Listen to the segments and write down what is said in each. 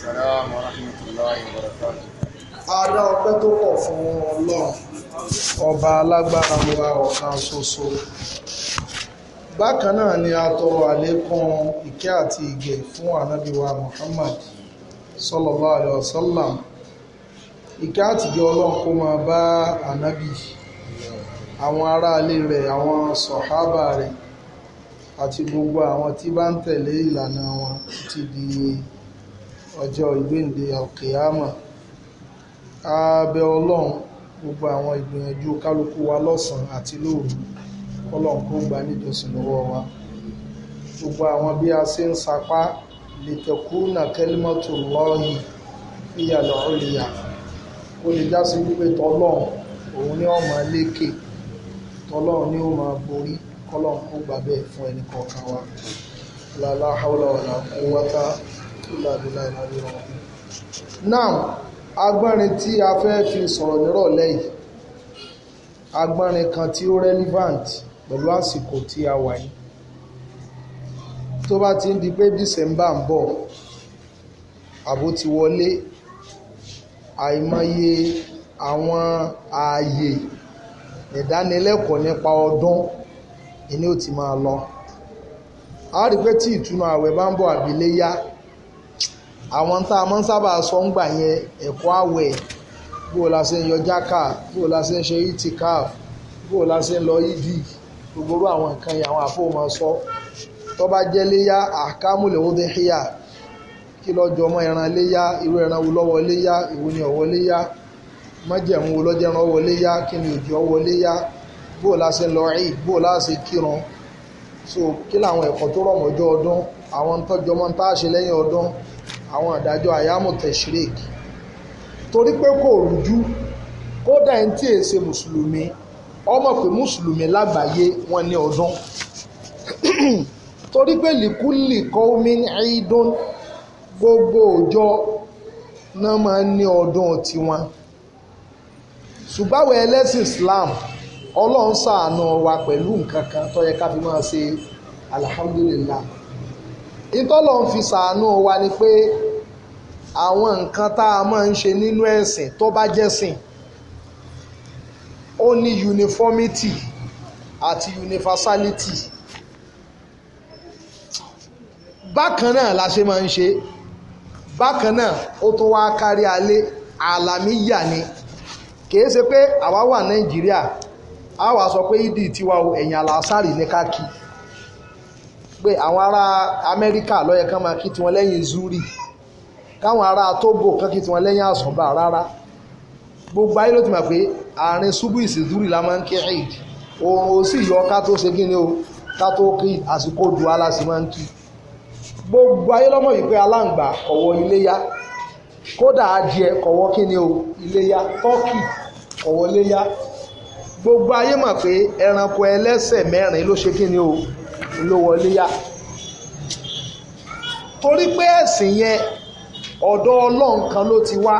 Assalamu warahmatullahi wabarakatuh. Adá ọpẹ́ tó pọ̀ fún Ọlọ́run, ọba alágbára wa ọ̀kan ṣoṣo. Bákan náà ni a tọrọ àlékún ìkẹ́ àti ìgẹ̀ fún ànábì wa Muhammad sallallahu alaihi wasallam. Ìkẹ́ àtìgẹ̀ Ọlọ́run kó máa bá ànábì, àwọn aráalé rẹ̀, àwọn sọ̀hábà rẹ̀ àti gbogbo àwọn tí bá ń tẹ̀lé ìlànà wọn ti di ọjọ́ ìgbéǹde alkiyama a bẹ̀ ọlọ́run gbogbo àwọn ìgbìyànjú kálukú wa lọ́sàn-án àti lóru ọlọ́run kó gbà níjọsìn lọ́wọ́ wa gbogbo àwọn bí a ṣe ń sapá lìtẹ̀kùnà kẹ́límọ́tò lọ́ọ̀yì fíyàlọ́ òlìyà ó lè já sí wípé tọ́lọ́run òun ní ọmọ lékè tọ́lọ́run ní ó máa borí kọ́lọ́run kó gbà bẹ́ẹ̀ fún ẹnì kọ̀ọ̀kan wa làlá haúlà ọ̀là kó wáta now agbọ́nrin tí a fẹ́ fi sọ̀rọ̀ nírọ̀lẹ́ yìí agbọ́nrin kan tí ó relevant pẹ̀lú àsìkò tí a wà yìí tó bá ti ń di pé December ń bọ̀ àbó ti wọlé àìmọye àwọn ààyè ìdánilẹ́kọ̀ọ́ nípa ọdún ìní ò ti máa lọ a rí pé tí ìtúnu ààwẹ̀ bá ń bọ̀ àbíléyá àwọn tá a máa ń sábà sọ ń gbà yẹn ẹ̀kọ́ àwẹ̀ bó la ṣe ń yọ jákà bó la ṣe ń ṣe itikaf bó la ṣe ń lọ ìdí gbogbo àwọn nǹkan yẹn àwọn àfọwọ́ máa sọ tó bá jẹ́ léyà àkámù lẹ́wọ́n dé híyà kí lọ́jọ́ ọmọ ẹran léyà irú ẹran wo lọ́wọ́ léyà ìwo ni ọ̀wọ́ léyà májẹ̀mú wo lọ́jọ́ ẹran ọwọ́ léyà kí ni òjò ọwọ́ léyà bó la ṣe lọ rí bó la ṣe kírun so kí làwọn ẹ̀kọ́ tó rọ̀ mọ́jọ́ ọdún àwọn tọ́jọ́ mọ́ tá a lẹ́yìn ọdún àwọn àdájọ́ àyámù tẹ̀sírèk torí pé kò rújú kódà ẹni tí èsè mùsùlùmí ọmọ pé mùsùlùmí lágbàáyé wọn ní ọdún torí pé lìkúlì kọ́ọ́mìn àìdún gbogbo òjọ náà máa ń ní ọdún tiwọn ṣùgbọ́n àwọn ẹlẹ́sìn Islam ọlọ́run ṣàánú wa pẹ̀lú nǹkan kan tó yẹ ká fi máa ṣe alhamdulillah ìtọ́lọ̀ ń fi sàánú wa ni pé àwọn nǹkan tá a máa ń ṣe nínú ẹ̀sìn tó bá jẹ́sìn ó ní uniformity àti universality bákan náà la ṣe máa ń ṣe bákan náà ó tún wá kárí alé àlàmíyà ni kìí ṣe pé àwa wà nàìjíríà a wà sọ pé ìdí tiwa ẹ̀yìn àlàásàrì ní káàkiri pé àwọn ará amẹ́ríkà ló yẹ kán máa kí tiwọn lẹ́yìn zuri káwọn ará togo kán kí tiwọn lẹ́yìn àsùnbà rárá gbogbo ayé ló ti mọ̀ pé àárín ṣubú ìsìndúrì la máa ń kí eid òun ò sì yọ ká tó ṣe kí ni o ká tó kí àsìkò dù á la sì máa ń kí gbogbo ayé lọ́mọ yìí pé aláǹgbà kọ̀wọ́ iléyá kódà adìẹ kọ̀wọ́ kí ni o iléyá tọ́kì kọ̀wọ́ iléyá gbogbo ayé mọ̀ pé ẹranko ẹlẹ́sẹ̀ mẹ́rin ló ṣe kí ni o ló wọlé yá torí pé ẹ̀sìn yẹn ọ̀dọ́ ọlọ́run kan ló ti wá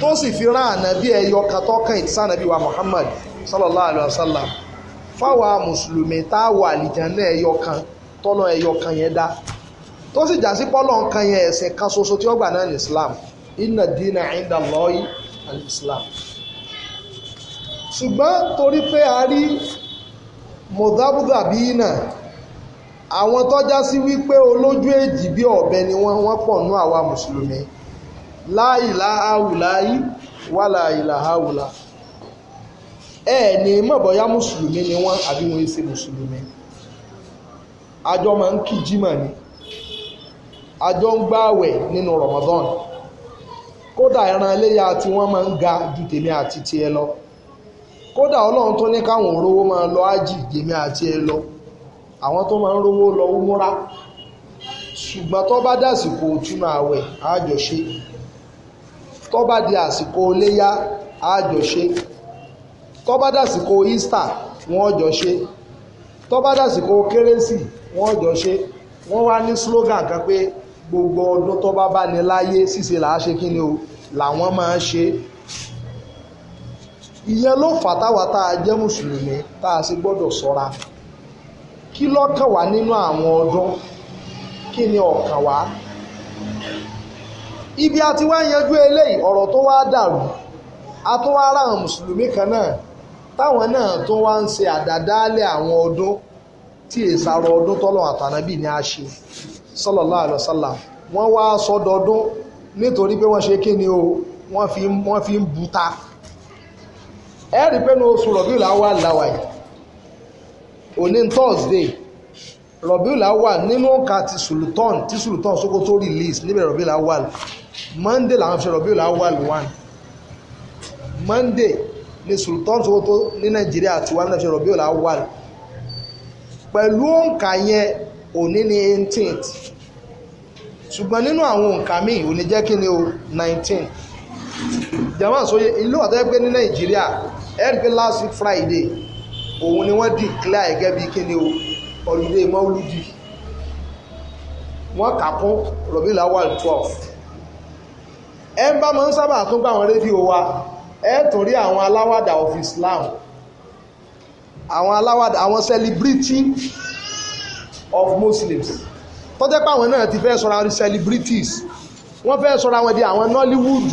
tó sì fi rán ànábì ẹyọ kan tọ́kàn ìtìsànàbí wa Muhammad sallallahu alayhi wa sallam fáwa mùsùlùmí tá a wà àlìjáná ẹyọ kan tọ́nà ẹyọ kan yẹn dá tó sì já sí pọ́lọ́ nǹkan yẹn ẹ̀sìn kan ṣoṣo tí ó gbà náà ní Islam inna dina inda Allahi al-Islam ṣùgbọ́n torí pé a rí mọ̀dábùdàbíìnà àwọn tọ́já sí wípé olójú èjì bí ọ̀bẹ ni wọ́n wọ́n pọ̀ nú àwa mùsùlùmí láìlá àwùláyí wà láìlá àwùlá ẹ ní mọ̀bọ̀yá mùsùlùmí ni wọ́n àbí wọ́n ṣe mùsùlùmí àjọ máa ń kí jímọ̀ ni àjọ ń gbààwẹ̀ nínú Ramadan kódà ẹran iléyà tí wọ́n máa ń ga ju tèmi àti tiẹ̀ lọ kódà ọlọ́run tó ní káwọn òrówó máa lọ ájì jèmi àti ẹ lọ àwọn tó máa ń rówó lọ úmúra ṣùgbọ́n tó bá dàsìkò túnú àwẹ̀ àjọṣe tó bá di àsìkò léyá àjọṣe tó bá dàsìkò Easter wọ́n jọ ṣe tó bá dàsìkò kérésì wọ́n jọ ṣe wọ́n wá ní slogan kan pé gbogbo ọdún tó bá bá ní láyé ṣíṣe làá ṣe kí ni o làwọn máa ń ṣe ìyẹn ló fà táwa tá a jẹ́ mùsùlùmí tá a sì gbọ́dọ̀ sọ́ra kí lọ́kàn wá nínú àwọn ọdún kí ni ọ̀kàn wá ibi a ti wá yanjú eléyìí ọ̀rọ̀ tó wá dàrú a tó wá ráhàn mùsùlùmí kan náà táwọn náà tó wá ń ṣe àdádálẹ̀ àwọn ọdún tí èsàrọ̀ ọdún tọ́lọ̀ àtànábì ni a ṣe sallallahu alaihi wọ́n wá sọdọọdún nítorí pé wọ́n ṣe kí ni o wọ́n fi ń buta ẹ rí i pé ní oṣù rọ̀bí làwà làwà yìí òní thursday rọ̀bí làwà nínú ọ̀ka ti sultan ti sultan sokoto release níbẹ̀ rọ̀bí làwà monday làwọn fi rọ̀bí làwà one monday ni sultan sokoto ní nàìjíríà ti wà ní fi rọ̀bí làwà pẹ̀lú òǹkà yẹn òní ni eighteenth ṣùgbọ́n nínú àwọn òǹkà míì òní jẹ́ kí ni o nineteen jama sọ ilé wà tó yẹ pé ní nàìjíríà ẹ̀rí last week Friday òun ni wọ́n declare gẹ́gẹ́ bí kíni o holiday mọ́lúdì wọ́n kà kún Rabiul Awwal twelve ẹ ń bá máa ń sábà tún gbà àwọn rédíò wa ẹ tún rí àwọn aláwàdà of Islam àwọn aláwàdà àwọn celebrity of Muslims tọ́jẹ́ pé àwọn náà ti fẹ́ sọra wọn di celebrities wọ́n fẹ́ sọra wọn di àwọn Nollywood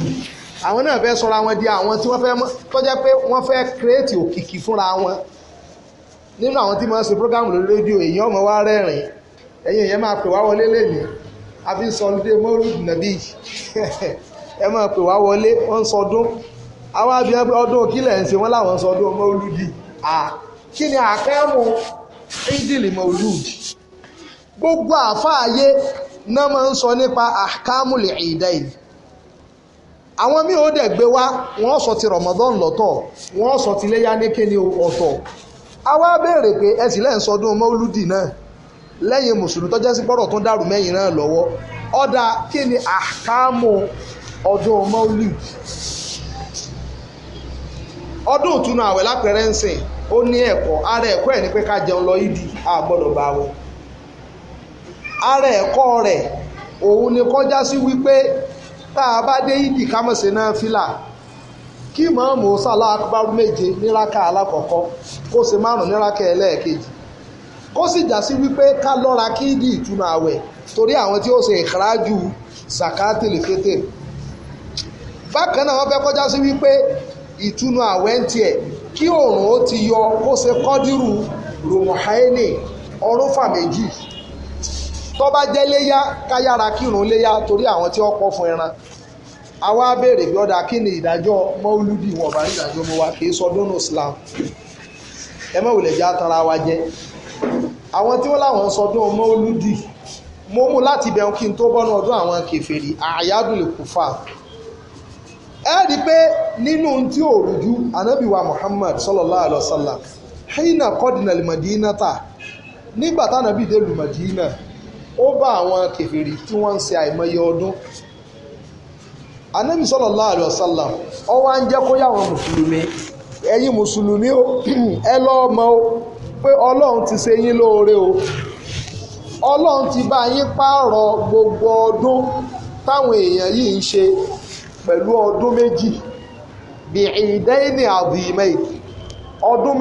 àwọn náà fẹ́ sọra wọn di àwọn tí wọ́n fẹ́ mọ́ tó jẹ́ pé wọ́n fẹ́ kírètì òkìkí fúnra wọn nínú àwọn tí wọ́n ṣe prógámù lórí rédíò èèyàn ọmọ wa rẹ́rìn ẹ̀yin èèyàn máa pè wá wọlé lẹ́nu àfi sọ̀ndé mọ́rùd nàbí ẹ máa pè wá wọlé wọ́n ń sọdún àwọn abiyàn pé ọdún òkìlẹ̀ ń ṣe wọ́n láwọn sọdún mọ́rùdì à kí ni àkẹ́mù ìdìlì mọ́rùd gbogbo àfáàyè náà máa ń sọ nípa àkámùlì ìdáyìí àwọn míì ó dẹ̀ gbé wá wọ́n sọ ti Ramadan lọ́tọ̀ wọ́n sọ ti léyà ní kíni ọ̀tọ̀ àwa béèrè pé ẹ sì lẹ́yìn sọdún mọ́lúdì náà lẹ́yìn mùsùlùmí tó sí gbọ́dọ̀ tó ń dàrú mẹ́yìn náà lọ́wọ́ ọ̀dà kíni ọdún ọdún ara ẹ̀kọ́ ẹ̀ pé ká lọ ìdí bá ara ẹ̀kọ́ rẹ̀ òun ni kọjá sí wípé tá a bá dé ìdí kámọ̀sí náà fìlà kí ìmọ̀ọ́mù sàlá akọ́bárú méje níraka alákọ̀ọ́kọ́ kó ṣe márùn níraka ẹlẹ́ẹ̀kejì kó sì já sí wípé ká lọ́ra kí ìdí ìtúnu àwẹ̀ torí àwọn tí ó ṣe ìkàrájù zakati lèkété bákan náà wọ́n fẹ́ kọjá sí wípé ìtúnu àwẹ̀ ń tiẹ̀ kí oòrùn ó ti yọ kó ṣe kọ́dírù ròmọ̀háínì ọrùn fà méjì tó bá jẹ́ léyá káyára kírun léyá torí àwọn tí wọ́n pọ̀ fún ẹran àwa béèrè bí ọ̀dà kí ni ìdájọ́ ìdájọ́ mọ́ wa kì í sọdún Islam ẹ mọ̀ jẹ́ atara wa jẹ́ àwọn tí wọ́n láwọn mo mú láti bẹ̀rù kí n tó ọdún àwọn ẹ rí i pé nínú tí ò rújú ó bá àwọn kèfèrí tí wọ́n ń ṣe àìmọye ọdún anabi sallallahu alaihi ọ wá ń jẹ́ kó mùsùlùmí mùsùlùmí ẹ pé ọlọ́run ti ṣe yín lóore o ọlọ́run ti bá yín gbogbo ọdún táwọn èèyàn yìí ń ṣe ọdún méjì bí àbìmẹ́ì ọdún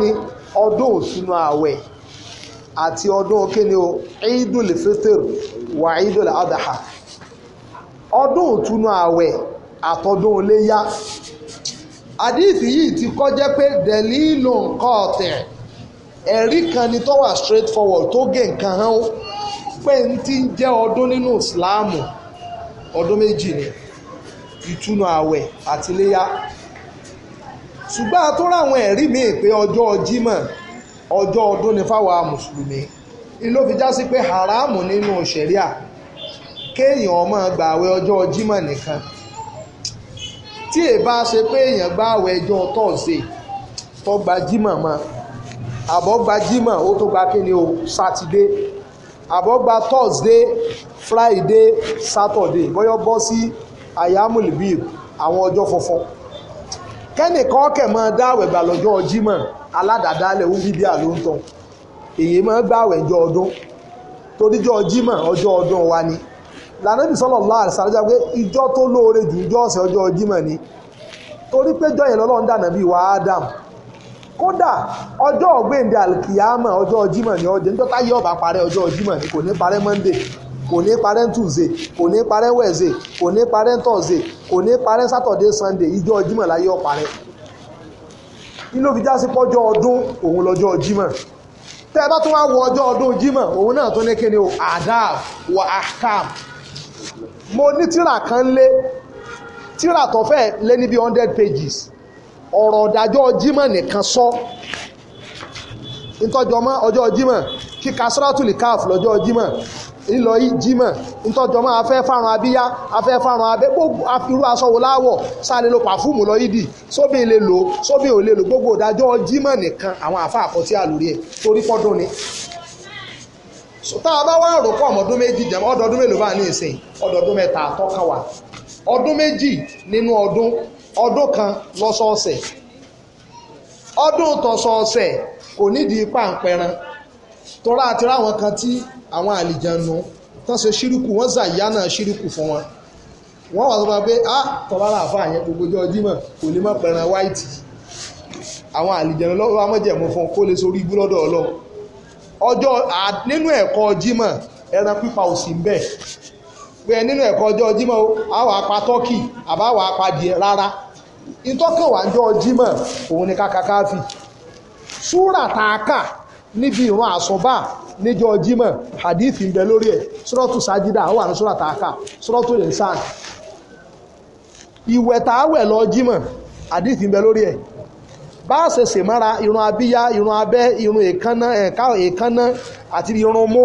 ni ọdún òsínú àti ọdún kíni o Eidul Fitr wà Eidul Adha ọdún òtúnú ààwẹ̀ àtọdún yìí ti kọjá pé dẹ̀lílò nǹkan ọ̀tẹ̀ ẹ̀rí kan ni tó wà straight forward tó gé nǹkan hàn pé n ti ń jẹ́ ọdún nínú ìsìláàmù ọdún méjì ni ìtúnu ààwẹ̀ àti ṣùgbọ́n ẹ̀rí pé ọjọ́ ọjọ́ ọdún ni fáwa mùsùlùmí ló fi já sí pé haramu nínú ṣẹ̀ríà kéèyàn ó máa gbààwẹ̀ ọjọ́ jímọ̀ nìkan tí ẹ bá ṣe pé èèyàn gbààwẹ̀ ọjọ́ tọ́ọ̀sì tó gba jímọ̀ mọ́ àbọ̀ gba jímọ̀ ó tó gba kíni o sátidé àbọ̀ gba thursday friday saturday bọ́yọ́ bọ́ sí ayamulibir àwọn ọjọ́ funfun kẹ́nìkan kẹ̀ máa dáwẹ̀ gbà lọ́jọ́ jímọ̀ aládàdálẹ̀ ó ń bíbí àlóńtàn èyí máa ń gbààwẹ̀ ìjọ ọdún ọjí jímọ̀ ọjọ́ ọdún wa ni lànàbì sọ́lọ̀ láàrín sàrẹ́jà pé ìjọ tó lóore jù ìjọ ọ̀sẹ̀ ọjọ́ ni torí pé dànà bíi wà kódà ni táyé ọba parẹ́ ni kò ní parẹ́ Monday kò ní parẹ́ Tuesday kò ní kò ní ilé òfin já sí pọ́jọ́ ọdún òun lọ́jọ́ jímọ̀ tẹ́ ẹ bá tún wá wọ ọjọ́ ọdún jímọ̀ òun náà tún ní kíni o adab wa ahkam mo ní tíra kan lé tíra tó fẹ́ lé ní bí hundred pages ọ̀rọ̀ ọ̀dàjọ́ jímọ̀ nìkan sọ ìtọ́jọ́ mọ́ ọjọ́ jímọ̀ kíka sọ́ràtúlì káàf lọ́jọ́ jímọ̀ ìlọ jímọ̀ nítọ́jọ́ máa fẹ́ fárun abíyá afẹ́ fárun abẹ́ gbogbo irú aṣọ wo láwọ̀ sáré lo pàfúùmù lọ yídì sóbì lè lò sóbì ò lè lò gbogbo ìdájọ́ jímọ̀ nìkan àwọn àfa àkọtí àlórí ẹ̀ torí pọ́dún ni. tá a bá wá rò pọ̀ ọmọdún méjì jẹ́ ọdọọdún mélòó bá ní ìsìn ọdọọdún mẹ́ta àtọ́kàn wà ọdún méjì nínú ọdún ọdún kan lọsọọsẹ ọdún tọ̀sọ̀ọ̀sẹ̀ kò nídìí pàǹpẹ̀ràn tọ́ra àti ráwọn kan tí àwọn àlìjànù tán ṣe ṣíríkù wọ́n zàyà náà ṣíríkù fún wọn wọ́n wà tó máa pé ah tọ́ba náà fà yẹn gbogbo ọjọ́ Jímọ̀ kò ní mọ̀ pẹ̀ràn wáìtì àwọn àlìjànù lọ́wọ́ amọ̀jẹ̀mú fún kó lè sórí ibú lọ́dọ̀ Ọlọ́run ọjọ́ nínú ẹ̀kọ́ Jímọ̀ ẹran pípa ò sí ń bẹ̀ pé nínú ẹ̀kọ́ ọjọ́ Jímọ̀ àwọn apá tọ́kì àbáwọ̀ apá díẹ̀ rárá ìtọ́kẹ̀wà ọjọ́ Jímọ̀ òun ni kákakáfì súrà tààkà níbi ìran àsọ̀bá níjọ́ jímọ̀ hadithi ń bẹ lórí ẹ̀ sọ́rọ́tù sájídà ó wà ní sọ́rọ́tà àká sọ́rọ́tù ìsàn ìwẹ̀ tààwẹ̀ lọ jímọ̀ hadithi ń bẹ lórí ẹ̀ bá a ṣe ṣèmára irun abíyá irun abẹ́ irun èékánná ẹ̀ka èékánná àti irun mú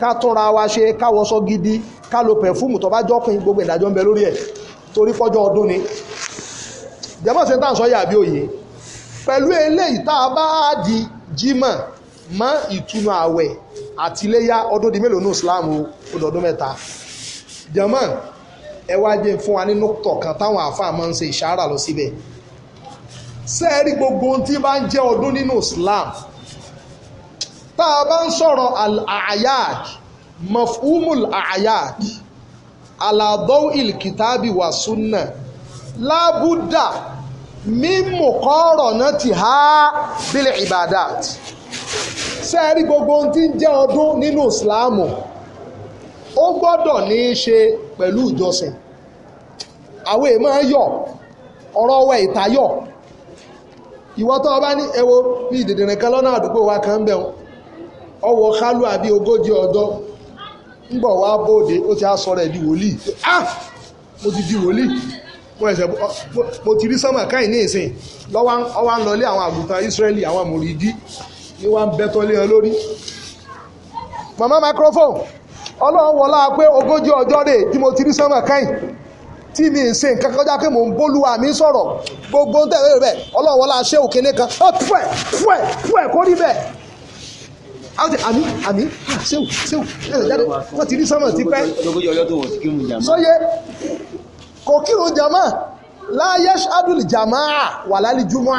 ká túnra wa ṣe káwọṣọ gidi ká lo pẹ̀fúmù tó bá jọ́kùn gbogbo ìdájọ́ ń bẹ lórí ẹ̀ torí pọ́jọ́ ọdún ni jẹ́mọ̀ sí ní tàǹsọ́ yàbí di jímọ̀ mọ́ ìtúnu ààwẹ̀ àti iléyá ọdún di mélòó ní Islam ọdọọdún mẹ́ta jọmọ ẹ wá jẹ́ fún wa nínú tọ̀kan táwọn àáfàá máa ń ṣe ìṣàrà lọ síbẹ̀ sẹ́ẹ̀rí gbogbo ohun tí bá ń jẹ́ ọdún nínú Islam tá a bá ń sọ̀rọ̀ al-ayad mafhumul ayad aladọ́wò ilkitabi wa sunna lábúdà mímú kọ́rọ̀ náà ti há bílẹ̀ ibadat. sẹ́ẹ̀rí gbogbo ohun tí ń jẹ́ ọdún nínú ìsìláàmù ó gbọ́dọ̀ ní í ṣe pẹ̀lú ìjọsìn àwọn èèmọ̀ yọ ọ̀rọ̀ ọwọ́ ìtayọ̀ ìwọ tó o bá ní bí ìdìdìrín kan lọ́nà àdúgbò wa kan ń bẹ̀ ọwọ́ kálù àbí ogójì ọjọ́ ń bọ̀ wá bóde ó ti á sọ rẹ̀ ah mo ti di wòlíì mo ẹsẹ̀ mo ti rí sọ́mà ní ìsìn lọ́wọ́ ń lọlé àwọn àgùntàn ní wá ń bẹ́tọ́ lé ọ lórí. màmá microphone ọlọ́run wọlá pé ogójì ọjọ́ rè tí mo ti rí sánmà káyìn tí mi ń ṣe nǹkan kọjá pé mò ń bólúwa mi sọ̀rọ̀ gbogbo ń tẹ̀lé rẹ̀ ọlọ́run wọlá ṣé òkè nìkan ó pẹ́ pẹ́ pẹ́ kó rí bẹ́ẹ̀ a ti àmì àmì ṣéwù ṣéwù ẹ̀rọ jáde wọ́n ti rí sánmà ti pẹ́ sóye kò kírun jàmá láyé ṣáàdùn jàmá wà lálẹ́ jùmọ̀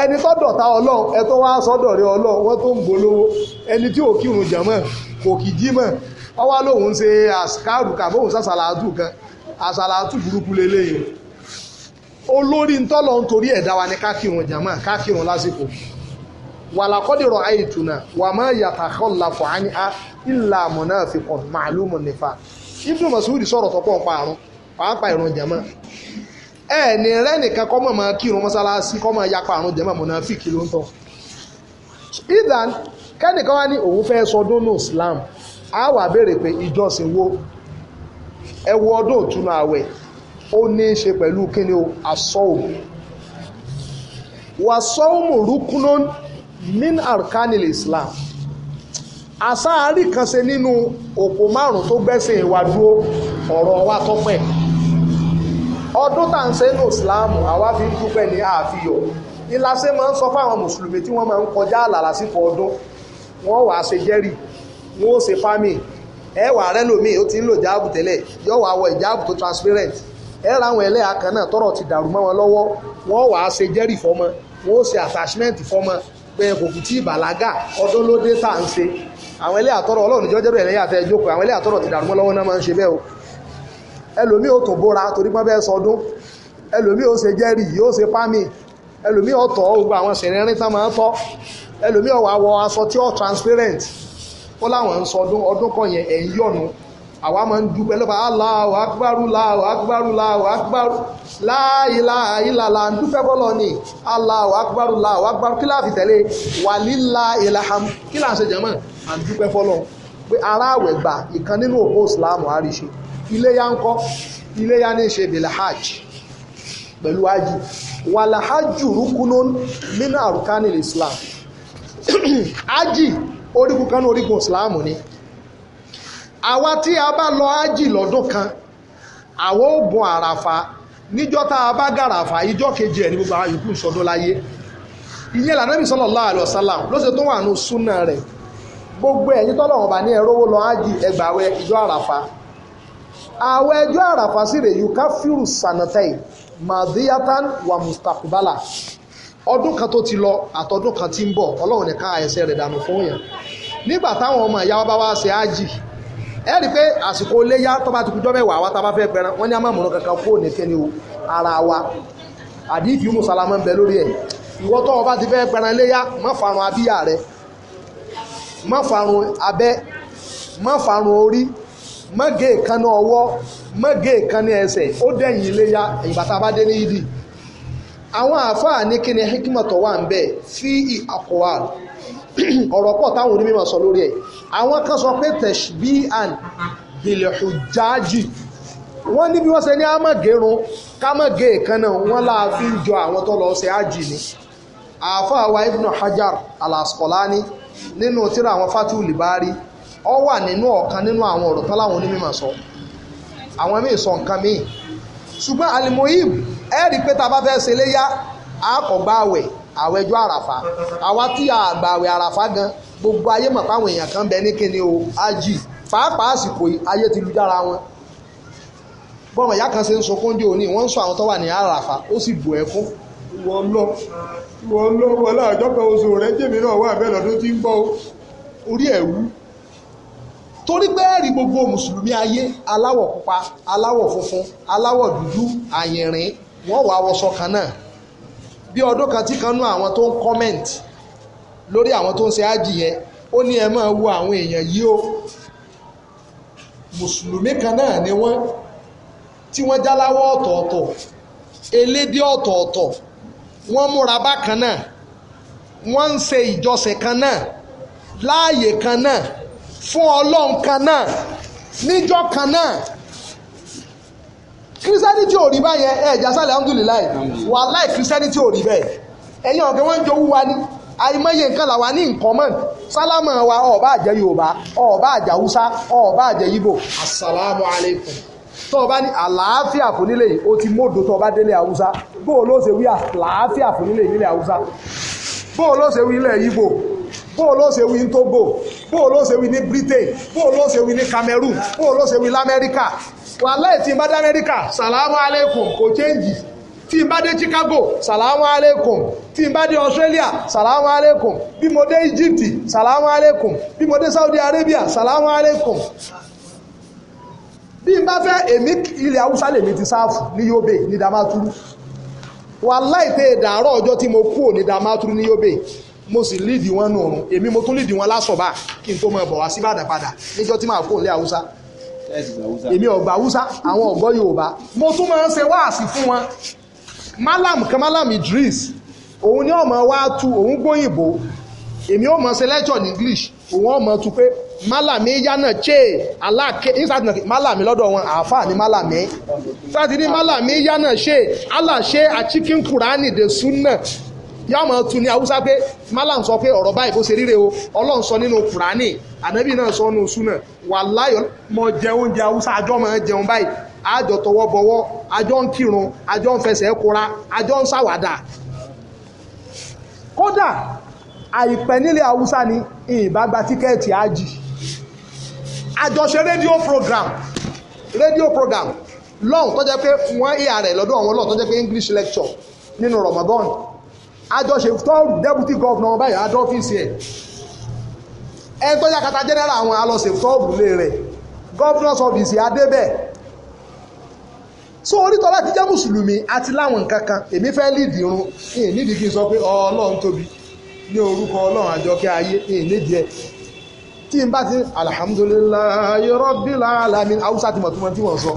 ẹni tó ọlọ ọlọ́run ẹ ọlọ wá sọ́dọ̀ rẹ ọlọ́run wọ́n tó ń ẹni tí ò kírun kò kì í ọwá ṣe sàṣàlàtù kan àṣàlàtù burúkú lélẹ́yìn olórí ntọ́lọ̀ ntọlọ ẹ̀dá wa ni ká kírun jẹ̀mọ́ ká kírun lásìkò wàlàkọ́dìrọ̀ àìtùnà wà máa á ìlà àmọ̀nà tọ́pọ̀ pàápàá ẹ ní nìkan kọ́ mọ̀ máa kírun mọ́sálásí kọ́ máa yapa àrùn jẹ́mọ̀ mùnáfíkì ló ń tọ́ ìdán kẹ́nìkan wá ní òun fẹ́ sọ ọdún ní Islam á wà bèrè pé ìjọsìn wo ẹ wo ọdún òtún àwẹ̀ ó ní í ṣe pẹ̀lú kíni o asọ́ọ̀mù wàsọ́ọ̀mù rúkúnún min arkanil Islam àsáárì kan ṣe nínú òpó márùn tó gbẹ́sìn wá dúró ọ̀rọ̀ wa tọ́pẹ́ ọdún tá à ń ṣe ní ìsìláàmù àwa fi ń dúpẹ́ ní àfihàn ìlàsẹ̀ máa ń sọ fáwọn mùsùlùmí tí wọ́n máa ń kọjá àlà lásìkò ọdún wọ́n wàá ṣe jẹ́rì wọ́n ó ṣe fámì ẹ wà rẹ lómi ó ti ń lò jáàbù tẹ́lẹ̀ yọ wàá wọ ìjáàbù tó transparent ẹ ra àwọn ẹlẹ́yà kan náà tọrọ ti dàrú mọ́ wọn lọ́wọ́ wọ́n wàá ṣe jẹ́rì fọmọ wọ́n ó ṣe attachment fọmọ pé kò kù tí ìbàlágà ọdún ló dé tá à ń ṣe àwọn ẹlẹ́yà tọrọ ọlọ́run ìjọ́jẹ́rù ẹlẹ́yà tẹ́ jókòó àwọn ẹlẹ́yà tọrọ ti dàrú mọ́ lọ́wọ́ náà máa ń ṣe bẹ́ẹ̀ o ẹlòmí ò tó bóra torí pọ́n bẹ́ẹ̀ sọdún ẹlòmí ò ṣe jẹ́rì yóò ṣe pámì ẹlòmí ò tọ́ gbogbo àwọn ṣẹ̀rẹ̀rin tán máa ń tọ́ ẹlòmí ò wá wọ aṣọ tí ó transparent ó láwọn ń sọdún ọdún kan yẹn ẹ̀ ń yọ̀nu àwa máa ń dúpẹ́ lọ́ba Allahu akbaru Allahu akbaru Allahu akbaru la ilaha illallah ń dúpẹ́ bọ́lọ̀ ni Allahu akbaru Allahu akbaru kí láàfin tẹ̀lé walillahil hamd kí láàṣẹ jẹ́mọ̀ à ń dúpẹ́ fọ́lọ́ pé aráàwẹ̀ gbà ìkan nínú òpó ìsìláàmù àríṣe ilé ya ń kọ́ ya ní ṣe hajj pẹ̀lú hajj wàlà rúkúnú nínú islam hajj orígun kan ní orígun islam ni àwa tí a bá lọ hajj lọ́dún kan àwọn ò àràfà níjọ́ tá a bá gàràfà ìjọ́ kejì ẹ̀ ní gbogbo àwọn yòókù sọdún láyé ìyẹn lànàbì sallallahu alaihi wasallam ló ṣe tó wà ní súnà rẹ̀ gbogbo ẹ̀yìn tọ́lọ́wọ̀n bá ní hajj ẹgbàáwẹ̀ ìjọ àràfà ààwẹ̀ ẹjọ́ àràfà sí rè yuka firu sanatai madiyatan wa mustaqbala ọdún kan tó ti lọ àtọdún kan tí ń bọ̀ ọlọ́run nìkan àyẹ̀sẹ̀ rẹ̀ dànù fún yẹn nígbà táwọn ọmọ ìyá wa bá wá ṣe ájì ẹ rí i pé àsìkò iléyà tó bá ti kú jọ́mẹ̀wá wa tá a bá fẹ́ pẹran wọ́n ní amáàmúrán kankan kó nìkan ni o ara wa àdìfì mú salama ń bẹ lórí ẹ̀ ìwọ tó o bá ti fẹ́ pẹran iléyà má farun abíyà rẹ má farun abẹ́ má farun orí mage gé èékánná ọwọ́ má gé èékánná ẹsẹ̀ ó dẹ̀yìn iléyà ìgbà tá a bá dé ní yídì àwọn ní ni hikimoto wà ń bẹ fi àkọwà ọ̀rọ̀ pọ̀ táwọn onímọ̀ sọ lórí ẹ̀ àwọn kan sọ pé tẹ̀síbí àn bìlẹ̀hù jáàjì wọ́n ní bí wọ́n ṣe ní á má gérun ká má wọn láàfin jọ àwọn tó lọ ṣe ájì ni àáfàá wa ibn hajar al nínú tírà àwọn fatul libari ọ wà nínú ọ̀kan nínú àwọn ọ̀rọ̀ tán láwọn onímọ̀ sọ àwọn míì sọ nǹkan míì ṣùgbọ́n alimoyim ẹ rí i pé tá a bá fẹ́ ṣe léyà á kọ̀ gbá àwẹ̀ àwẹ̀jọ́ àràfà àwa tí a gbà àwẹ̀ àràfà gan gbogbo ayé mọ̀ páwọn èèyàn kan bẹ ní kíni o ají pàápàá àsìkò ayé ti dára wọn bọ́mọ ìyá kan ṣe ń sọ kóńdé òní wọ́n ń sọ àwọn tó wà ní àràfà ó sì bù ẹ́ fún. wọ́n lọ wọ́n lọ wọ́n láàjọ́ kan oṣù rẹ̀ jẹ́mi náà wà bẹ́ẹ̀ lọ́dún tí ń bọ̀ orí ẹ̀ wú torí pé ẹ̀rí gbogbo mùsùlùmí ayé aláwọ̀ pupa aláwọ̀ funfun aláwọ̀ dúdú àyìnrín wọ́n wàá wọṣọ kan náà bí ọdún kan tí kan nú àwọn tó ń comment lórí àwọn tó ń ṣe ájì yẹn ó ní ẹ máa wo àwọn èèyàn yìí o mùsùlùmí kan náà ni wọ́n tí wọ́n jáláwọ́ ọ̀tọ̀ọ̀tọ̀ elédè ọ̀tọ̀ọ̀tọ̀ wọ́n múra bákan náà wọ́n ń ṣe ìjọsìn kan náà láàyè kan náà fún ọlọ́run kan náà níjọ́ kan náà kírísítẹ́nìtì ò rí báyẹn ẹ̀ jásálẹ̀ alhamdulilayi wàláì kírísítẹ́nìtì ò rí bẹ́ẹ̀ ẹ̀yin ọ̀gẹ́ wọn ń jowú wa ní àìmọye nǹkan làwa ní nǹkan mọ̀ sálámà wa ọ̀bá àjẹ́ yorùbá ọ̀bá àjẹ́ haúsá ọ̀bá àjẹ́ yíbò asalaamu alaykum tó o bá ní àlàáfíà fún nílé yìí o ti mọ́dọ̀ tó o bá délé haúsá bó o ló ṣe wí àlàáfíà fún nílé yìí nílé haúsá bó o ló ṣe wí ilẹ̀ yíbò bóò ló ṣe wí ní Togo bóò ló ṣe wí ní Britain bóò ló ṣe wí ní Cameroon bóò ló ṣe wí lamẹ́ríkà wàláì tí n bá dé Amẹ́ríkà Salamu aleikum kò chéǹjì tí n bá dé Chicago Salamu aleikum tí n bá dé Australia sàlámù aleikum bí mo dé Egypt sàlámù aleikum bí mo dé Saudi Arabia sàlámù aleikum bí n bá fẹ́ èmi ilẹ̀ haúsá lèmi ti sáàfù ní Yobe ní Damaturu wàláì tẹ́ ẹ̀dà àárọ̀ ọjọ́ tí mo kú ní Damaturu ní Yobe mo sì líìdì wọn nù ọ̀run èmi mo tún líìdì wọn lásọ̀bà kí n tó mọ ẹ̀bọ̀ wá sí Ìbàdàn padà níjọ́ tí màá kó lé Haúsá èmi ọ̀gbà Haúsá àwọn ọ̀gbọ́ Yorùbá mo tún máa ń ṣe wáàsí fún wọn Malam kan Malam Idris òun ni ọmọ wa tu òun gbóyìnbó èmi ò mọ̀ ṣe lecture ní English òun ọmọ tu pé malami yánà che aláàkè ìsàtìnà malami lọ́dọ̀ wọn àáfà ní málàmí sátidí malami yánà che aláṣẹ àchíkín kùránì dé súnà yóò máa tu ní haúsá pé malam sọ pé ọ̀rọ̀ báyìí bó ṣe ríre o ọlọ́run sọ nínú kùránì ànábì náà sọ nínú súnà wàláhì mọ jẹ oúnjẹ haúsá àjọ máa jẹun báyìí àjọ tọwọ́ bọwọ́ àjọ ń kírun àjọ ń fẹsẹ̀ kura àjọ ń ṣàwàdà kódà àìpẹ́ nílé haúsá ni ìbágbà tíkẹ́ẹ̀tì ájì àjọṣe rédíò program rédíò program lọ́hùn tó jẹ́ pé wọ́n ìyá rẹ̀ lọ́dọ̀ àwọn lọ́hùn tó jẹ́ pé English lecture nínú Ramadan àjọṣe tọ́ọ̀rù deputy governor wọn báyìí àjọ ọ́fíìsì ẹ̀ ẹni tó yàkàtà general àwọn alọ́sẹ̀ tọ́ọ̀rù lé rẹ̀ governor's office adébẹ̀ so orítọ́ láti jẹ́ mùsùlùmí àti láwọn nǹkan kan èmi fẹ́ lídìí irun ìyìn nídìí kí n sọ pé ọlọ́run tóbi ní orúkọ ọlọ́run àjọkẹ́ ayé ìyìn nídìí ẹ̀ tí n bá ti alhamdulilayi rabbil alamin haúsá ti tí wọ́n sọ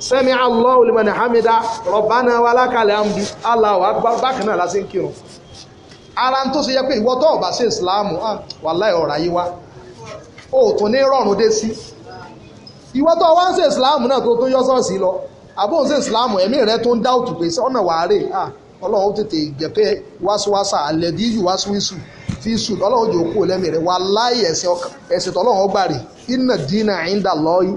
sẹ́mi Allahu liman hamida rọ̀bánà wa lákàlẹ̀ àmì Allahu akbar bákan náà lásìkò kírun ara tó ṣe yẹ pé ìwọ tó bá ṣe ìsìláàmù ah, wàláhì ọ̀rọ̀ ayé wa ó tún ní rọrùn dé sí ìwọ tó wá ń ṣe ìsìláàmù náà tó tún yọ sọ́ọ̀sì lọ àbó ń ṣe ìsìláàmù ẹ̀mí rẹ tó ń dá òtù pé ọ̀nà wàárẹ̀ ah, ọlọ́run tètè jẹ́ pé wáṣíwáṣà àlẹ́dí yù wáṣíwíṣù fíṣù ọlọ́run jò kú lẹ́mìí rẹ wàláhì ẹ̀sìn tọ́lọ́run ọgbà rè iná dínà àyíndà lọ́ọ́yì